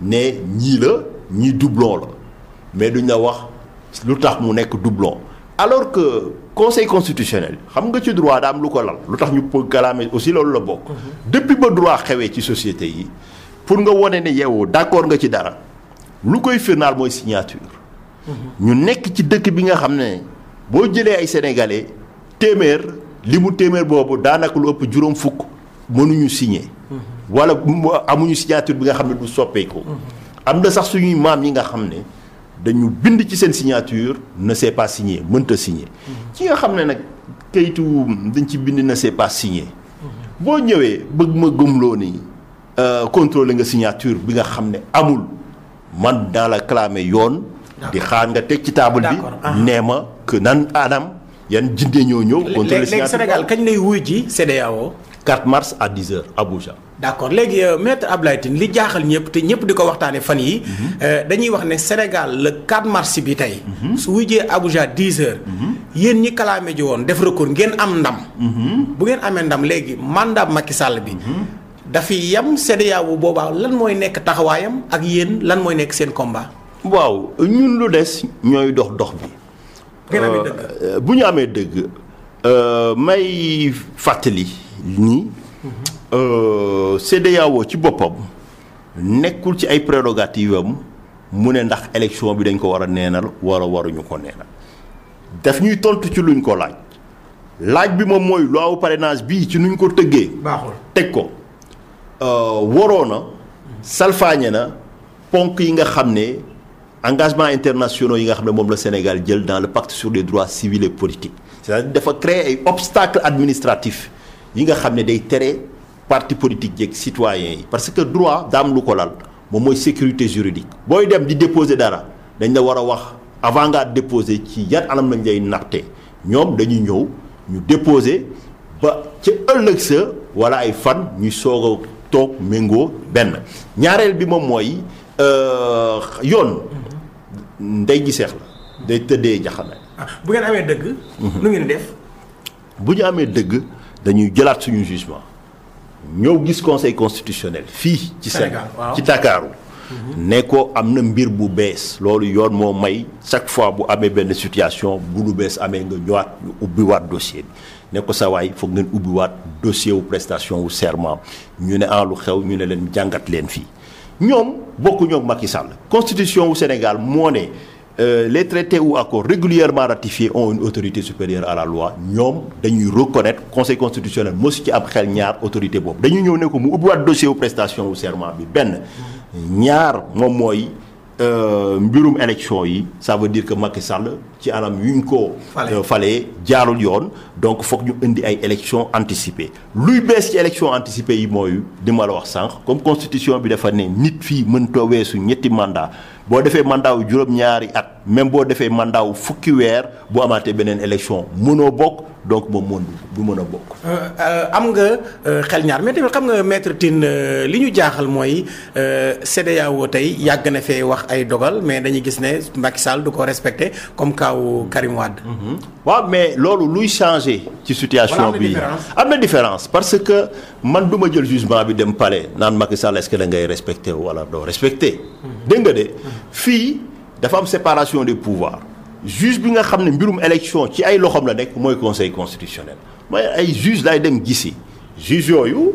ne ñii la ñii doublon la mais duñ la wax lu tax mu nekk doublon. alors que conseil constitutionnel xam nga ci droit daa am lu ko lal lu tax ñu bëgg kalaame aussi loolu la bokk. Mhm. depuis ba droit xewee ci société yi pour nga wone ne yeewoo d'accord nga ci dara lu koy firnaal mooy signature. Mhm. ñu nekk ci dëkk bi nga xam ne. boo jëlee ay sénégalais téeméer li mu téeméer boobu daanaka lu ëpp juróom fukk mënuñu signer mhm. wala amuñu signature bi nga xam ne du soppeeku. Mhm. am na sax suñuy maam yi nga xam ne dañu bind ci seen signature na c'est pas signé mënta signé. Mhm. ki nga xam ne nag kayitu dañ ci bind na c'est pas signé. boo ñëwee bëgg ma gëmloo ni euh, contrôler nga signature bi nga xam ne amul man daal la clamer yoon. di xaar nga teg ci table bi ah. nee ma. que naan aadam yan jinde ñoo ñëw. contre le Sénégal kañ lay wuy ji CEDEAO 4 mars à 10h Abuja. d' accord léegi euh, maître Abdoulaye li jaaxal ñëpp te ñëpp di ko waxtaanee fan yi mhm. euh, dañuy wax ne Sénégal la 4 mars bi tey. Mhm. su wujjee Abuja 10h. Mhm. yéen ñi kalaame ji woon def recours ngeen am ndam. bu ngeen amee ndam léegi mandat Macky sàll bi. dafiy yam CEDEAO boobaa lan mooy nekk taxawaayam ak yéen lan mooy nekk seen combat. waaw ñun lu des ñooy dox dox bi. Euh, bu ñu amee dëgg euh, may fàttali nii mhm. euh, CEDEAO ci boppam nekkul ci ay prérogative am mu ne ndax élection bi dañ ko war a neenal wala waruñu ko neenal daf ñuy tontu ci luñ ko laaj laaj bi moom mooy loi parrainage bi ci nuñ ko tëggee. baaxul teg ko waroo na mhm. salfaañe na ponk yi nga xam ne. engagement internationaux yi nga xam ne moom la Sénégal jël dans le pacte sur les droits civils et politiques c'est-à-dire dafa créer ay obstacles administratifs yi nga xam ne day tere parti politique yeeg citoyens yi parce que droit daam lu ko lal moom mooy sécurité juridique booy dem di déposer dara dañ la war a wax avant ngaa déposer ci yan anam lañ lay nattee ñoom dañuy ñëw ñu déposer ba ca ëllëg sa wala ay fan ñu soog a toog méngoo benn ñaareel bi moom mooy euh, yoon ndey ji la day tëddee njaxanaay ah, bu ngeen amee dëgg mhm. nu ngeen def bu ñu amee dëgg dañuy jëlaat suñu jugement ñëw gis conseil constitutionnel fii ci Sénégal ci Ndakaaru mhm. ne ko am na mbir bu bees loolu yoon moo may chaque fois bu amee benn situation bu lu bees amee nga ñëwaat ñu ubbiwaat dossier bi ne ko sa waay foog ngeen ubbiwaat dossier wu prestation wu serment ñu ne en lu xew ñu ne leen jàngat leen fii ñoom bokku ñoom i Sall constitution wu Sénégal moo ne euh, traité traités ou accords régulièrement ratifiés ont une autorité supérieure à la loi ñoom dañuy reconnaître conseil constitutionnel mosu ci am xel ñaar autorité boobu dañuy ñëw ne ko mu ubbiwaat dossier wu prestation wu serment bi benn ñaar moom mooy Euh, mbirum élection yi ça veut que Macky Sall ci anam yuñ ko fale euh, jaarul yoon donc foog ñu indi ay élection anticipée luy bees ci élection anticipée yi mooy di ma la wax sànq comme constitution bi dafa ne nit fii mën too weesu ñetti mandat boo defee mandat wu juróom-ñaari at même boo defee mandat fukki weer bu amaatee beneen élection mënoo bokk donc moom moom du mën a bokk. Euh, euh, am nga euh, xel ñaar mais tamit xam nga maître Tine li ñu jaaxal mooy CEDEAO tey yàgg na fee wax ay dogal mais dañuy gis ne Macky Sall du ko respecté comme kaawu Karim Wade. Mhm. waaw mais loolu luy changé. ci situation bi am na différence parce que man du ma jël jugement bi dem palais naan Macky Sall est-ce que da ngay respecté wala doo respecté. Mhm. dégg de mhm. fii dafa am séparation des pouvoirs. juge bi nga xam ne mbirum élection ci ay loxoom la nekk mooy conseil constitutionnel mooy ay juge laay dem gisi juge yooyu.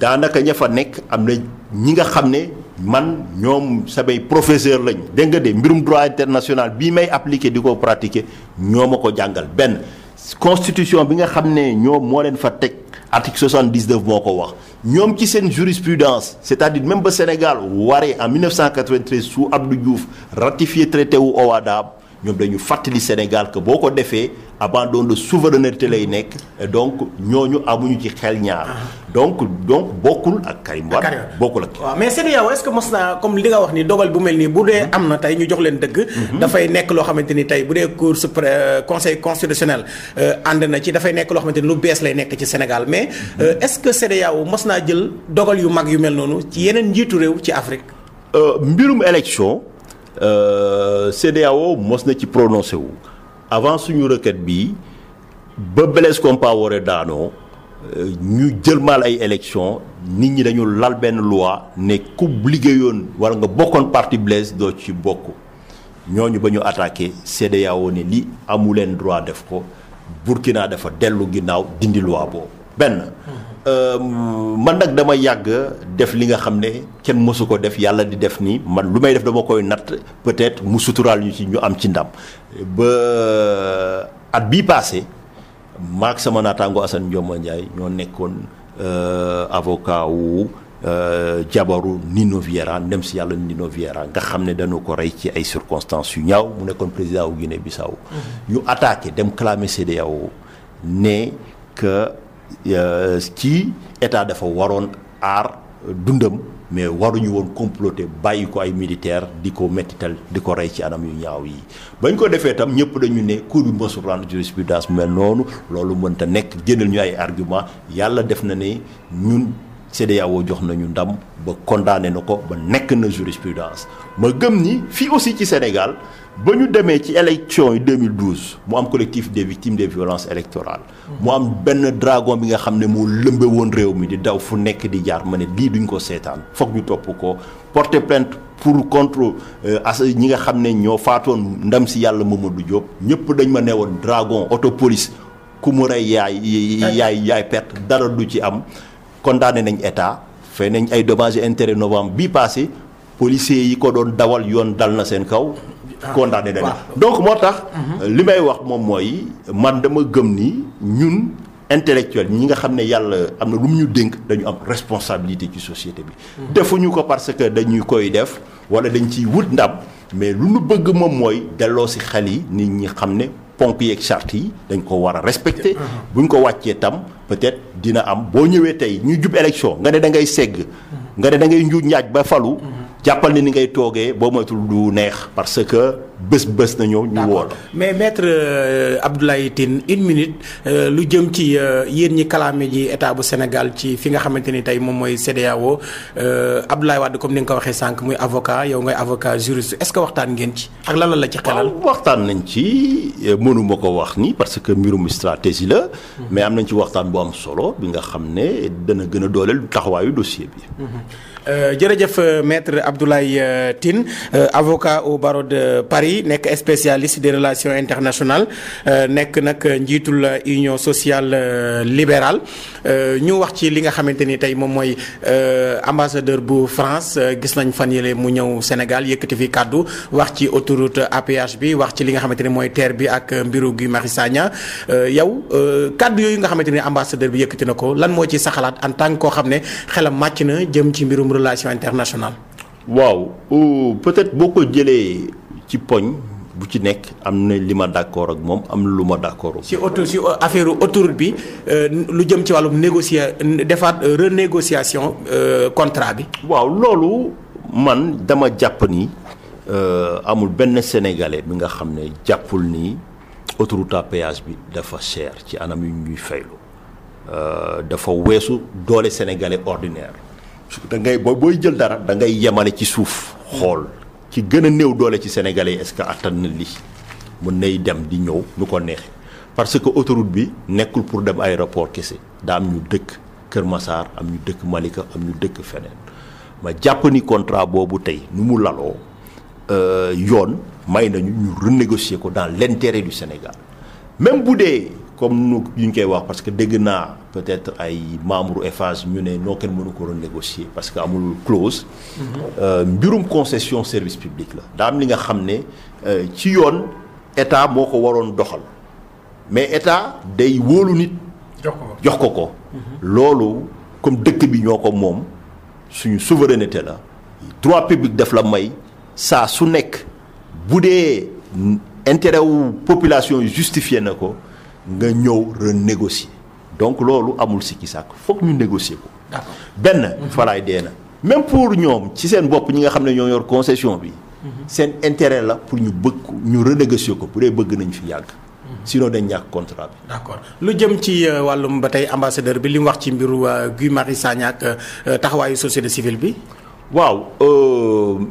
daanaka ña fa nekk am na ñi nga xam ne man ñoom samay professeur lañ dégg nga de mbirum droit international bii may appliqué di ko pratiqué ñoo ma ko jàngal benn. constitution bi nga xam ne ñoom moo leen fa teg article 79 moo ko wax ñoom ci seen jurisprudence c'est-à-dire même ba Sénégal waree en 1993 sous Abdou Diouf ratifié traité wu OHADA ñoom dañu fàttali Sénégal que boo ko defee abandon de souveraineté lay nekk donc ñooñu amuñu ci xel ñaar. Ah. donc donc bokkul ak Karim Wade bokkul ak. waaw mais CEDEAO est-ce que mos naa comme li nga wax ni dogal bu mel nii bu dee hmm. am na tey ñu jox leen dëgg. Hmm. dafay nekk loo xamante ni tey bu dee cour suprême euh, conseil constitutionnel euh, ànd na ci dafay nekk loo xamante ni lu bees lay nekk ci Sénégal mais hmm. euh, est-ce que CEDEAO mos naa jël dogal yu mag yu mel noonu ci yeneen njiitu réew ci Afrique. mbirum élection. Euh, CEDEAO mos na ci prononcé wu avant suñu requête bi ba Blaise Compaoré daanoo euh, ñu jël mal ay élection nit ñi dañu lal benn loi ne ku liggéeyoon wala nga bokkoon parti Blaise doo ci bokk ñooñu ba ñu attaqué CEDEAO ne li amu leen droit def ko Burkina dafa dellu ginnaaw dindi loi boobu. benn euh, man nag dama yàgg def li nga xam ne kenn mësu ko def yàlla di def nii man lu may def dama koy natt peut-être mu suturaal ñu ci ñu am ci ndam ba at bii passé maak sama naataango Assane Ndioma Ndiaye ñoo nekkoon euh, avocat wu euh, jabaru Nino Viera ndem si yàlla Nino Viera nga xam ne dañu ko rey ci ay circonstances yu ñaaw mu nekkoon président wu Guinée Bissau ñu mmh. attaqué dem clamé CEDEAO ne que Euh, ci état dafa waroon aar dundam mais waruñu woon comploter bàyyi ko ay militaire di ko mettital di ko rey ci anam yu ñaaw yi bañ ko defee tam ñëpp dañu ne cour bi mësul rendre jurisprudence mel noonu loolu mënta nekk génnal ñu ay argument yàlla def na ne ñun CEDEAO jox nañu ndam ba condamné na ko ba nekk na jurisprudence ma gëm ni fii aussi ci Sénégal ba ñu demee ci élection yi 2012 mu am collectif des victimes de violences électorales. mu am benn dragon bi nga xam ne moo lëmbe woon réew mi di daw fu nekk di jaar ma ne lii duñ ko seetaan foog ñu topp ko porter plainte pour contre euh, as ñi nga xam ne ñoo faatoon ndam si yàlla du Diop ñëpp dañ ma ne woon dragon police ku mu rey yaay yaay yaay perte dara du ci am condamné nañ état fay nañ ay dommages et intérêts novembre bii passé policiers yi ko doon dawal yoon dal na seen kaw. condamné nañu donc moo tax li may wax moom mooy man dama gëm ni ñun intellectuel ñi nga xam ne yàlla am na lu mu ñu dénk dañu am responsabilité ci société bi defuñu ko parce que dañuy koy def wala dañ ci wut ndam mais lu mu bëgg moom mooy delloo si xel yi nit ñi xam ne ponk yeeg charte yi dañ ko war a respecté buñ ko wàccee tam peut-être dina am boo ñëwee tey ñu jub élection nga ne da ngay segg nga ne da ngay njaaj ba falu jàppal ni ni ngay toogee boo moytul du neex parce que bés bés na ñëw ñu woo la mais maître euh, Abdoulaye Tine une minute euh, lu jëm ci euh, yéen ñi kalaame ji état bu Sénégal ci fi nga xamante ni tey moom mooy CEDEAO Abdoulaye Wade comme ni nga ko waxee sànq muy avocat yow ngay avocat juriste est-ce que waxtaan ngeen ci ak lan la ci xelal ah, waxtaan nañ ci mënuma ko wax ni parce que mbirum stratégie la mhm. mais am nañ ci waxtaan bu am solo bi nga xam ne dana gën a dooleel taxawaayu dossier bi mhm. Euh, jërëjëf euh, maître Abdoulaye euh, Tine avocat au barreau de Paris nekk spécialiste des relations internationales nekk nag njiitul union sociale libérale ñu wax ci li nga xamante ni tey moom mooy ambassadeur bu France gis nañ fan yële mu ñëw Sénégal yëkkati fi kàddu wax ci autoroute APH bi wax ci li nga xamante ni mooy terre bi ak mbiru Guy Marius Sagna yow kàddu yooyu nga xamante ni ambassadeur bi yëkkati na ko lan moo ci saxalaat en tant koo xam ne xelam na jëm ci mbirum wàllum relation internationale. waaw peut-être boo ko jëlee ci poñ bu ci nekk am na li ma d'accord ak moom am lu ma d'accord. si auto si affaire autoroute bi euh, lu jëm ci wàllum négocia defaat euh, renégociation euh, contrat bi. waaw loolu man dama jàpp ni amul benn sénégalais bi nga xam ne jàppul ni autoroute à péage bi dafa cher ci anam yu ñuy faylu dafa weesu doole sénégalais ordinaire. da ngay boobu booy jël dara da ngay yemale ci suuf xool ci gën a néew doole ci sénégalais est-ce que attan na lii mën nay dem di ñëw nu ko neexee parce que autoroute bi nekkul pour dem aéroport kese daa am ñu dëkk Kër masaar am ñu dëkk Malika am ñu dëkk feneen ma jàpp ni contrat boobu tey nu mu laloo euh, yoon may nañu ñu renégocier ko dans l'intérêt du Sénégal même bu dee. comme nu ñu koy wax parce que dégg naa peut-être ay membre Eiffage ñu ne noo kenn mënu ko doon négocier parce que amul clause. Mhm. Euh, mbirum concession service public la. daa am li nga xam ne euh, ci yoon état moo ko waroon doxal mais état day wóolu nit. jox ko ko jox ko ko. Mhm. loolu comme dëkk bi ñoo ko moom suñu souveraineté la. droit public daf la may saa su nekk bu dee intérêt wu population yi justifié na ko. nga ñëw renégocier donc loolu amul sikki sàkk foog ñu négocier ko. benn falaay dee na. même pour ñoom ci seen bopp ñi nga xam ne ñoo yor concession bi. Mhm. seen intérêt la pour ñu bëgg ko ñu renégocier ko bu dee bëgg nañ fi yàgg. Mhm. sinon dañ ñàkk contrat bi. d'accord lu jëm ci euh, wàllum ba tey ambassadeur bi li wax ci mbiru euh, Guy Marius Sagna ak euh, taxawaayu société civile bi. waaw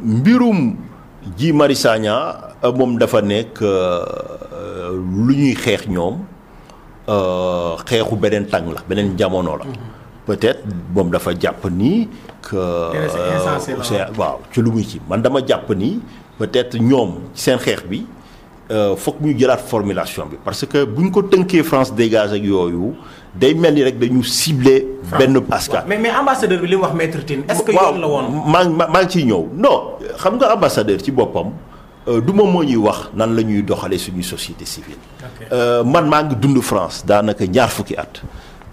mbirum Guy Marius Sagna moom dafa nekk lu ñuy xeex ñoom. Euh, xeexu beneen tàng la beneen jamono la. peut-être moom dafa jàpp ni que. Euh, waaw ci lu muy ci man dama jàpp ni peut-être ñoom seen xeex bi euh, foog ñu jëlaat formulation bi parce que bu ñu ko tënkee France dégage ak yooyu day mel ni rek dañu ciblé. benn askan. mais mais ambassadeur bi li mu wax maître Tine. est-ce que yoon la woon maa maa ngi ciy ñëw non xam nga ambassadeur ci boppam. Euh, du moom moo ñuy wax nan la ñuy doxalee suñuy société civile. Euh, man maa ngi dund France daanaka ñaar fukki at.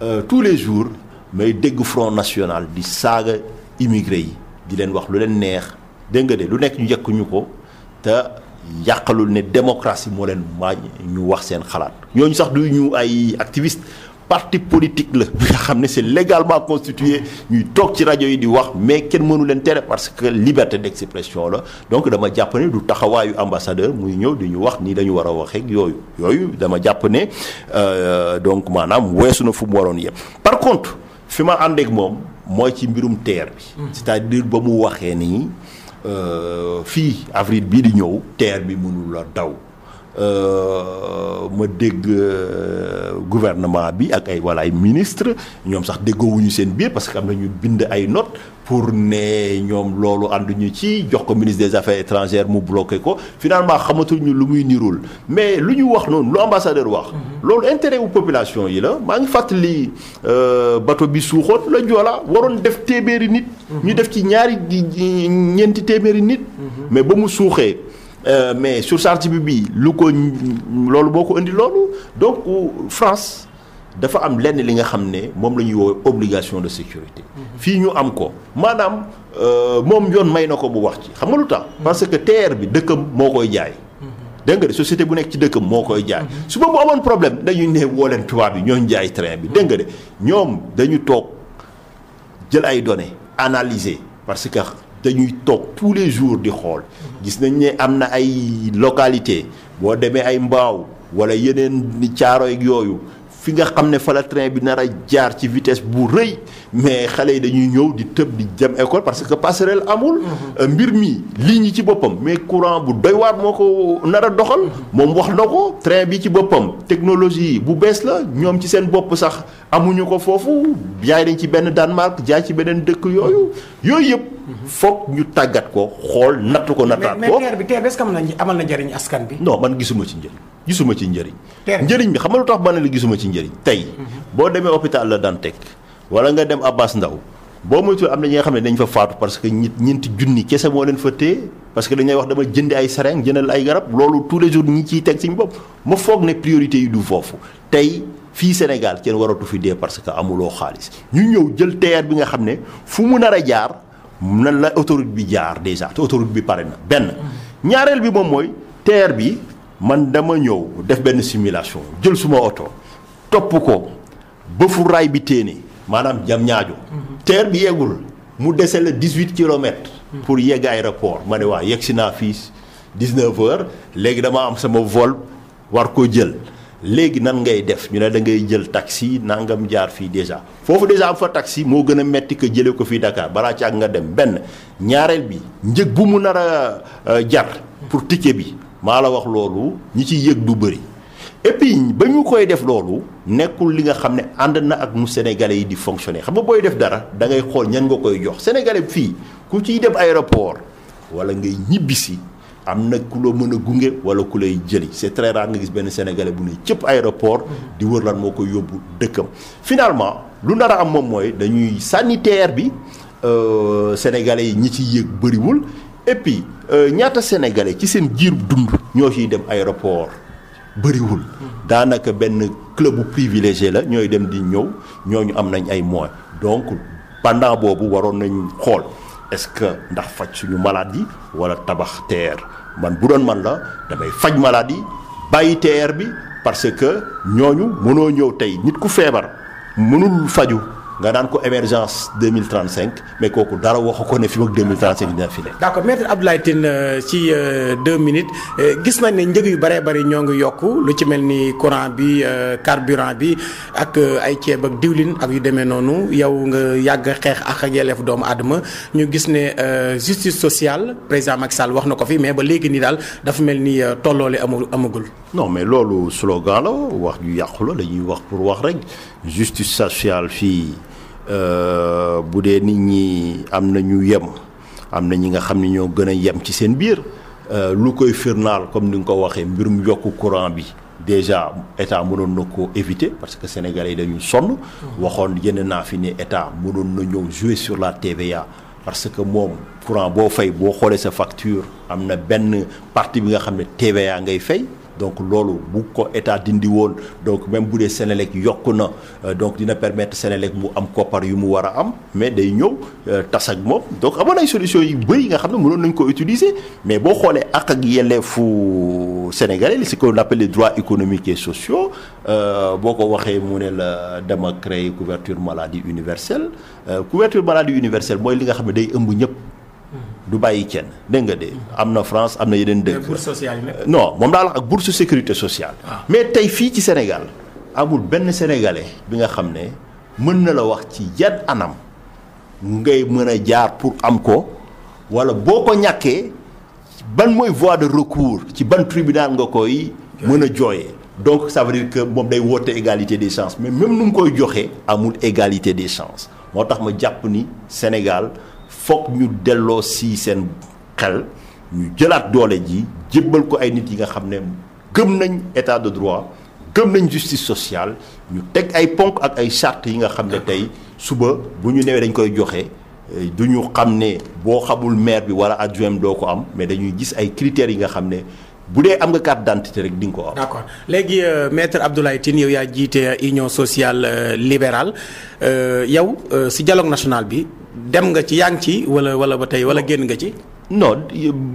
Euh, tous les jours may dégg Front nationale di saaga immigré yi di leen wax lu leen neex dégg nga de lu nekk ñu yekkuñu ko te yàqalul ne démocratie moo leen maañ ñu wax seen xalaat ñooñu sax du ñu ay activiste parti politique la nga xam ne c'est légalement constitué ñuy toog ci rajo yi di wax mais kenn mënu leen tere parce que liberté d'expression la donc dama jàpp ne du taxawaayu ambassadeur muy ñëw di ñu wax nii dañu war a waxee yooyu yooyu dama jàpp ne euh, donc maanaam weesu na fu mu waroon yem par contre fi ma àndeek moom mooy ci mbirum terre bi hmm. c'est-à-dire ba mu waxee nii euh, fii avril bii di ñëw terre bi mënul la daw Euh, ma dégg euh, gouvernement bi ak ay walla ay ministre ñoom sax déggoowuñu seen biir parce que am na ñu bind ay not pour ne ñoom loolu ñu ci jox ko ministre des affaires étrangères mu bloqué ko finalement xamatuñu lu muy nirul mais lu ñu wax noonu lu ambassadeur wax. Mhm. loolu intérêt wu population yi la maa ngi fàttali euh, bato bi suuxoon la Joola waroon def téeméeri nit. Mhm. ñu def ci ñaari ñeenti téeméeri nit. Mhm. mais ba mu suuxee. Euh, mais surcharge bi bii lu ko loolu boo ko indi loolu donc euh, France dafa am lenn li nga xam ne moom la ñuy woowee obligation de sécurité. Mhm. fii ñu am ko maanaam euh, moom yoon may na ko bu wax ci xam nga lu tax. Mhm. parce que terre bi dëkkam moo koy jaay. Mhm. dégg nga de société bu nekk ci dëkkam moo koy jaay. suba bu amoon problème dañuy ne woo leen tubaab yi ñooñ jaay train bi dégg nga de ñoom dañu toog jël ay données analyser parce que. dañuy toog tous les jours di xool gis nañ ne am na ay localité boo demee ay mbaaw wala yeneen ni caaro ak yooyu fi nga xam ne fa la train bi nar a jaar ci vitesse bu rëy mais xale yi dañuy ñëw di tëb di jëm école parce que passerelle amul. Mm-hmm. Euh, mbir mi ligne yi ci boppam mais courant bu doy waar moo ko nar a doxal. Mm-hmm. moom wax na ko train bi ci boppam technologie bu bees la ñoom ci seen bopp sax amuñu ko foofu jaay dañ ci benn Danemark jaay ci beneen dëkk yooyu mm-hmm. yooyu yëpp. foog ñu tàggat ko xool nattu ko nattaat ko mais mais terre bi terre bi est-ce que amal na njëriñ askan bi. non man gisuma ci njëriñ gisuma ci njëriñ. njëriñ bi xam nga lu tax ma ne la gisuma ci njëriñ tey. Mhm. boo demee hôpital la daan teg wala nga dem Abass Ndao boo moytuwul am na ñi nga xam ne dañ fa faatu parce que ñeenti junni kese moo leen fa téye parce que dañuy wax dama jëndi ay seringue jëndal ay garab loolu tous les ñi ciy teg suñu bopp ma foog ne priorité yi du foofu tey fii Sénégal kenn waratu fi dee parce que bi nga xam a nan la autoroute bi jaar déjà te bi pare na benn. ñaareel bi moom mooy TER bi man dama ñëw def benn simulation jël suma oto topp ko ba fu raay bi téene maanaam jam ñaajo mhm. TER bi yeggul mu dese la 18 kilomètres. Mhm. pour yegg aéroport ma ne waa yegg si naa fii 19 heures léegi dama am sama vol war koo jël. léegi nan ngay def ñu ne dangay jël taxi nangam jaar fii déjà foofu déjà am fa taxi moo gën a metti que jëlee ko fii dakaar balaa ci caag nga dem benn ñaareel bi njëg bu mu nar a euh, jar pour ticket bi maa la wax loolu ñi ci yëg du bëri et puis ba ñu koy def loolu nekkul li nga xam ne ànd na ak nu sénégalais yi di fonctionner xam nga booy def dara da ngay xool ñan nga koy jox sénégalais fii ku ciy dem aéroport wala ngay ñibbisi am na ku la mën a gunge wala ku lay jëli c'est très nga gis benn sénégalais bu ne cépp aéroport di wër lan moo ko yóbbu dëkkam finalement lu nar a am moom mooy dañuy sanitaire bi euh, sénégalais yi ñi ci yéeg bëriwul et puis euh, ñaata sénégalais ci seen jiir dund ñoo ciy dem aéroport bëriwul daanaka benn club bu privilégié la ñooy dem di ñëw ñooñu am nañ ay moyens donc pendant boobu waroon nañ xool est-ce que ndax faj suñu malade yi wala tabax teer man bu doon man la damay faj maladie bàyyi TR bi parce que ñooñu mënoo ñëw tey nit ku feebar mënul faju nga daan ko émergence 2035 mais kooku dara waxu ko ne fi ak 2035 dina fi nekk. d' accord maître Abdoulaye Tine euh, ci euh, deux minutes euh, gis na ne njëg yu bëree bëri ñoo ngi yokk lu ci mel ni courant bi carburant bi ak ay ceeb ak diwlin ak yu demee noonu yow nga yàgg xeex ak a yelleef doomu aadama ñu gis ne justice sociale président Macky Sall wax na ko fi mais ba léegi nii daal dafa mel ni tolloole amul amagul. non mais loolu slogan la wax ju yàqu la dañuy wax pour wax rek justice sociale fii. Euh, bu dee nit ñi am na ñu yem am na ñi nga xam ne ñoo gën a yem ci seen biir euh, lu koy firnaal comme ni nga ko waxee mbirum yokku courant bi déjà état mënoon na ko éviter parce que sénégalais yi dañu sonn. waxoon yenn naa fi ne état mënoon na ñëw jouer sur la TVA. parce que moom courant boo fay boo xoolee sa facture am na benn partie bi nga xam ne TVA ngay fay. donc loolu bu ko état dindi woon donc même bu dee Sénélec yokk na euh, donc dina permettre Sénélec mu am koppar yu mu war a am mais day ñëw euh, tas ak moom donc amoon ay solution yu bëri nga xam ne mënoon nañ ko utiliser mais boo xoolee ak ak yelleefu sénégalais li ce qu'on appelle les droits économiques et sociaux euh, boo ko waxee mu ne la dama créer couverture maladie universelle couverture maladie universelle mooy li nga xam ne day ëmb ñëpp du bàyyi kenn dégg nga de am na France am na yeneen dëkk. bourse sociale non moom laa wax ak bourse sécurité sociale. Ah. mais tey fii ci Sénégal amul benn sénégalais bi nga xam ne mën na la wax ci yan anam ngay mën a jaar pour am ko wala boo ko ñàkkee ban mooy voie de recours ci ban tribunal nga koy. mën a jooyee. donc ça veut dire que moom day woote égalité des chances mais même nu mu koy joxee amul égalité des chances moo tax ma jàpp ni Sénégal. foog ñu delloo si seen xel ñu jëlaat doole ji jébbal ko ay nit yi nga xam ne gëm nañ état de droit gëm nañ justice sociale ñu teg ay ponk ak ay charte yi nga xam ne tey suba bu ñu newee dañ koy joxe euh, du ñu xam ne boo xamul maire bi wala adjoint doo ko am mais dañuy gis ay critères yi nga xam ne bu dee am nga carte d'identité rek di nga ko am. d'accord léegi euh, maître Abdoulaye Tine yow yaa jiite union sociale euh, libérale yow si dialogue nationale bi. dem nga ci yaa ngi ci wala wala ba tey wala génn nga ci. non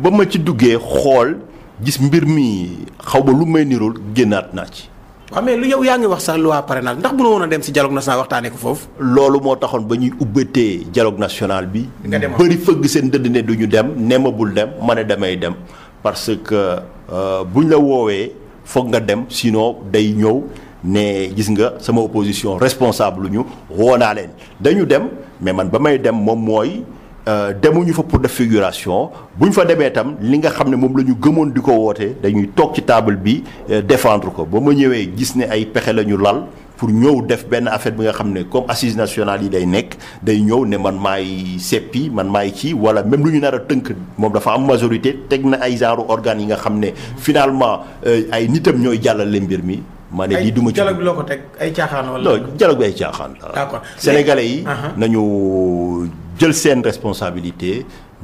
ba ma ci duggee xool gis mbir mi xaw ba lu may nirool génnaat naa ci. waaw mais lu yow yaa ngi wax sax loi parrainage ndax mënoo woon a dem si dialogue national waxtaanee ko foofu. loolu moo taxoon ba ñuy ubbatee national bi. nga dem bëri fëgg seen dënd ne du ñu dem ne ma bul dem ma ne damay dem parce que euh, buñ la woowee foog nga dem sinon day ñëw. ne gis nga sama opposition responsable ñu woo naa dañu dem mais man ba may dem moom mooy euh, demuñu fa pour def figuration bu ñu fa demee tam li nga xam ne moom la ñu gëmoon di ko woote dañuy toog ci table bi euh, défendre ko ba ma ñëwee gis ne ay pexe la ñu lal pour ñëw def benn affaire bi nga xam ne comme assise nationale yi day nekk day ñëw ne man maay seppi man maay ci wala même lu ñu nar a tënk moom dafa am majorité teg na ay genre organes yi nga xam ne finalement euh, ay nitam ñooy jàllale mbir mi maa ne lii du ma ci dialogue bi teg ay caaxaan wala. non dialogue bi ay caaxaan la. d'accord sénégalais yi. Uh-huh. nañu jël seen responsabilité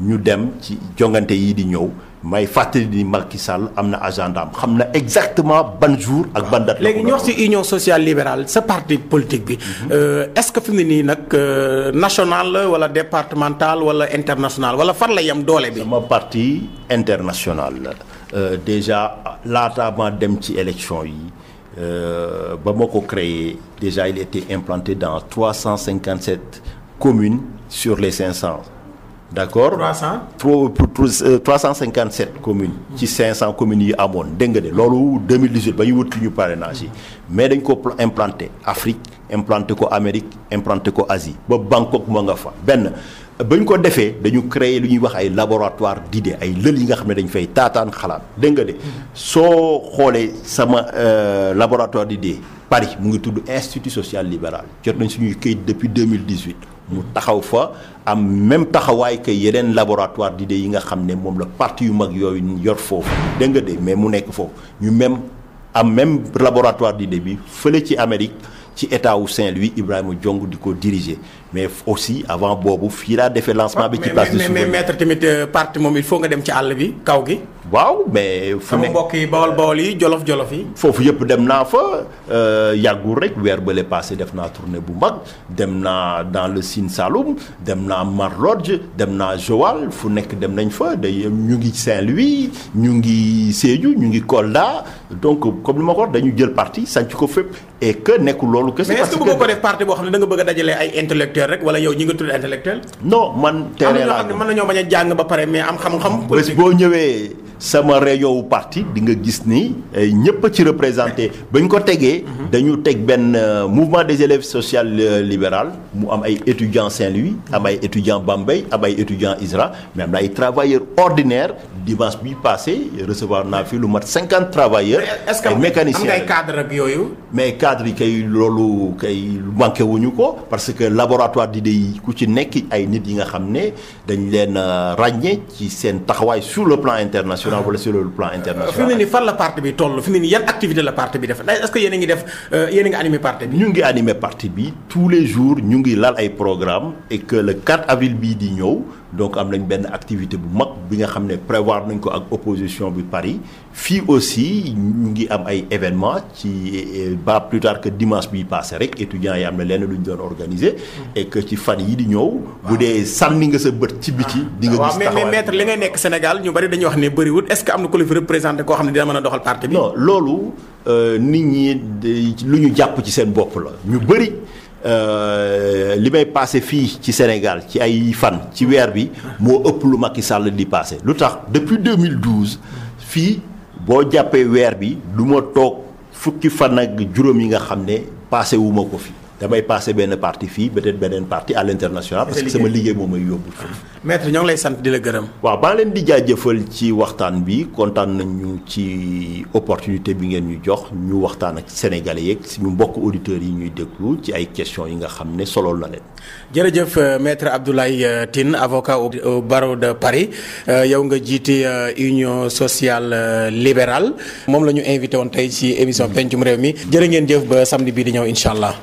ñu dem ci jongante yi di ñëw. may fàttali ni Macky Sall am na agenda xam na exactement ban jour ak ban léegi ñu wax ci union sociale libérale sa parti politique bi. Mhm. Euh, est-ce que fi mu nii nag euh, national la wala départemental wala international wala fan la yem doole bi. sama parti international la euh, déjà laata ma dem ci élection yi. Euh, Bamako créé, déjà il était implanté dans 357 communes sur les 500. D'accord 300 pour, pour, pour, euh, 357 communes ci 500 communes yi amoon dégg nga de loolu 2018 ba ñu wut ñu parrainage yi mais dañ ko implanté Afrique implanté ko Amérique implanté ko asi ba Bangkok moo nga fa benn ba ñu ko defee dañu créer lu ñuy wax ay laboratoire d'idées ay lël yi nga xam ne dañu fay taataan xalaat dégg nga de soo xoolee sama euh, laboratoire d'idées Paris mu ngi tudd institut social libéral jot nañ suñuy këyit depuis 2018 mu taxaw fa am même taxawaay que yeneen laboratoire d'idées yi nga xam ne moom la parti yu mag yooyu yor foofu dégg nga de mais mu nekk foofu ñu même am même laboratoire d'idées bi fële ci Amérique ci état wu Saint-Louis Ibrahima Diong di ko diriger mais aussi avant boobu fii laa defee lancement bi. ci place de mais mais maître tamit parti moom il faut nga dem ci àll bi kaw gi. waaw mais. fu nekk mbokk yi bawol bawol yi jolof jolof yi. foofu yëpp dem naa fa euh, yàggul rek weer bële passé def naa tournée bu mag dem naa dans le Sine Saloum dem naa Marlodj dem naa Joal fu nekk dem nañ fa day ñu ngi Saint-Louis ñu ngi Sédhiou ñu ngi Kolda donc comme li ma dañu jël parti sànc ko fépp et que nekkul loolu. kese parce parti boo xam ne da nga bëgg a dajale ay intellectuels rek wala yow ñi nga tudd intellectuel. non man. teree laa na ñoo xam ne a jàng ba pare mais am xam-xam. bés boo ñëwee. sama réunion wu parti di nga gis ni eh, ñëpp ci représenté ba ko tegee. dañu teg benn euh, mouvement des élèves social euh, libéral mu am ay étudiants Saint-Louis am ay étudiants Bambey am ay étudiants ISRA mais am na ay travailleurs ordinaires dimanche bi passé recevoir naa fi lu mat cinquante travailleurs. est-ce que am nga ay cadres yooyu. mais cadres yi kay loolu kay manqué wuñu ko parce que laboratoire d'idées yi ku ci nekk ay nit yi nga xam ne dañ leen euh, ràññee ci seen taxawaay sur le plan international. nationale wala sur le plan international. fi mu nii fan la parti bi toll fi mu ne nii yan activité la parti bi def est ce que yéen a ngi def euh, yéen ngi animé parti bi. ñu ngi animé parti bi tous les jours ñu ngi lal ay programme et que le 4 avril bii di ñëw. donc am nañ benn activité bu mag bi nga xam ne prévoir nañ ko ak opposition bi Paris fii aussi ñu ngi am ay événements ci ba plus tard que dimanche bi passé rek étudiants yi am na lenn lu ñu doon organiser. Mm. et ci fan yi di ñëw. bu dee sànni nga sa bët ci biti. di nga gis taxawaay mais mais maître li ngay nekk Sénégal ñu bari dañu wax ne bëriwul est-ce que am na ku la fi représenté koo xam ne dina mën a doxal parti bi. non loolu euh, nit ñi lu ñu jàpp ci seen bopp ñu bëri. Euh, li may passé fii ci Sénégal ci ay fan ci weer bi moo ëpp lu Macky Sall di passé lu tax depuis 2012 fii boo jàppee weer bi du ma toog fukki fan ak juróom yi nga xam ne passé wu ko fii damay passé benn parti fii peut-être beneen parti à l'international parce sama liggéey moom may yóbbu maître ñoo ngi lay sant di la gërëm waa baa leen di jëfal ci waxtaan bi kontaan nañu ci opportunité bi ngeen ñu jox ñu waxtaan ak sénégalais yeeg suñu mbokk auditeurs yi ñuy déglu ci ay question yi nga xam ne solo na leen jërëjëf euh, maître Abdoulaye euh, Tine avocat au barreau de Paris euh, yow nga jiite union sociale libérale moom la ñu invité woon tey ci émission pencum réew mi jërë ngeen jëf ba samedi bii di ñëw incha allah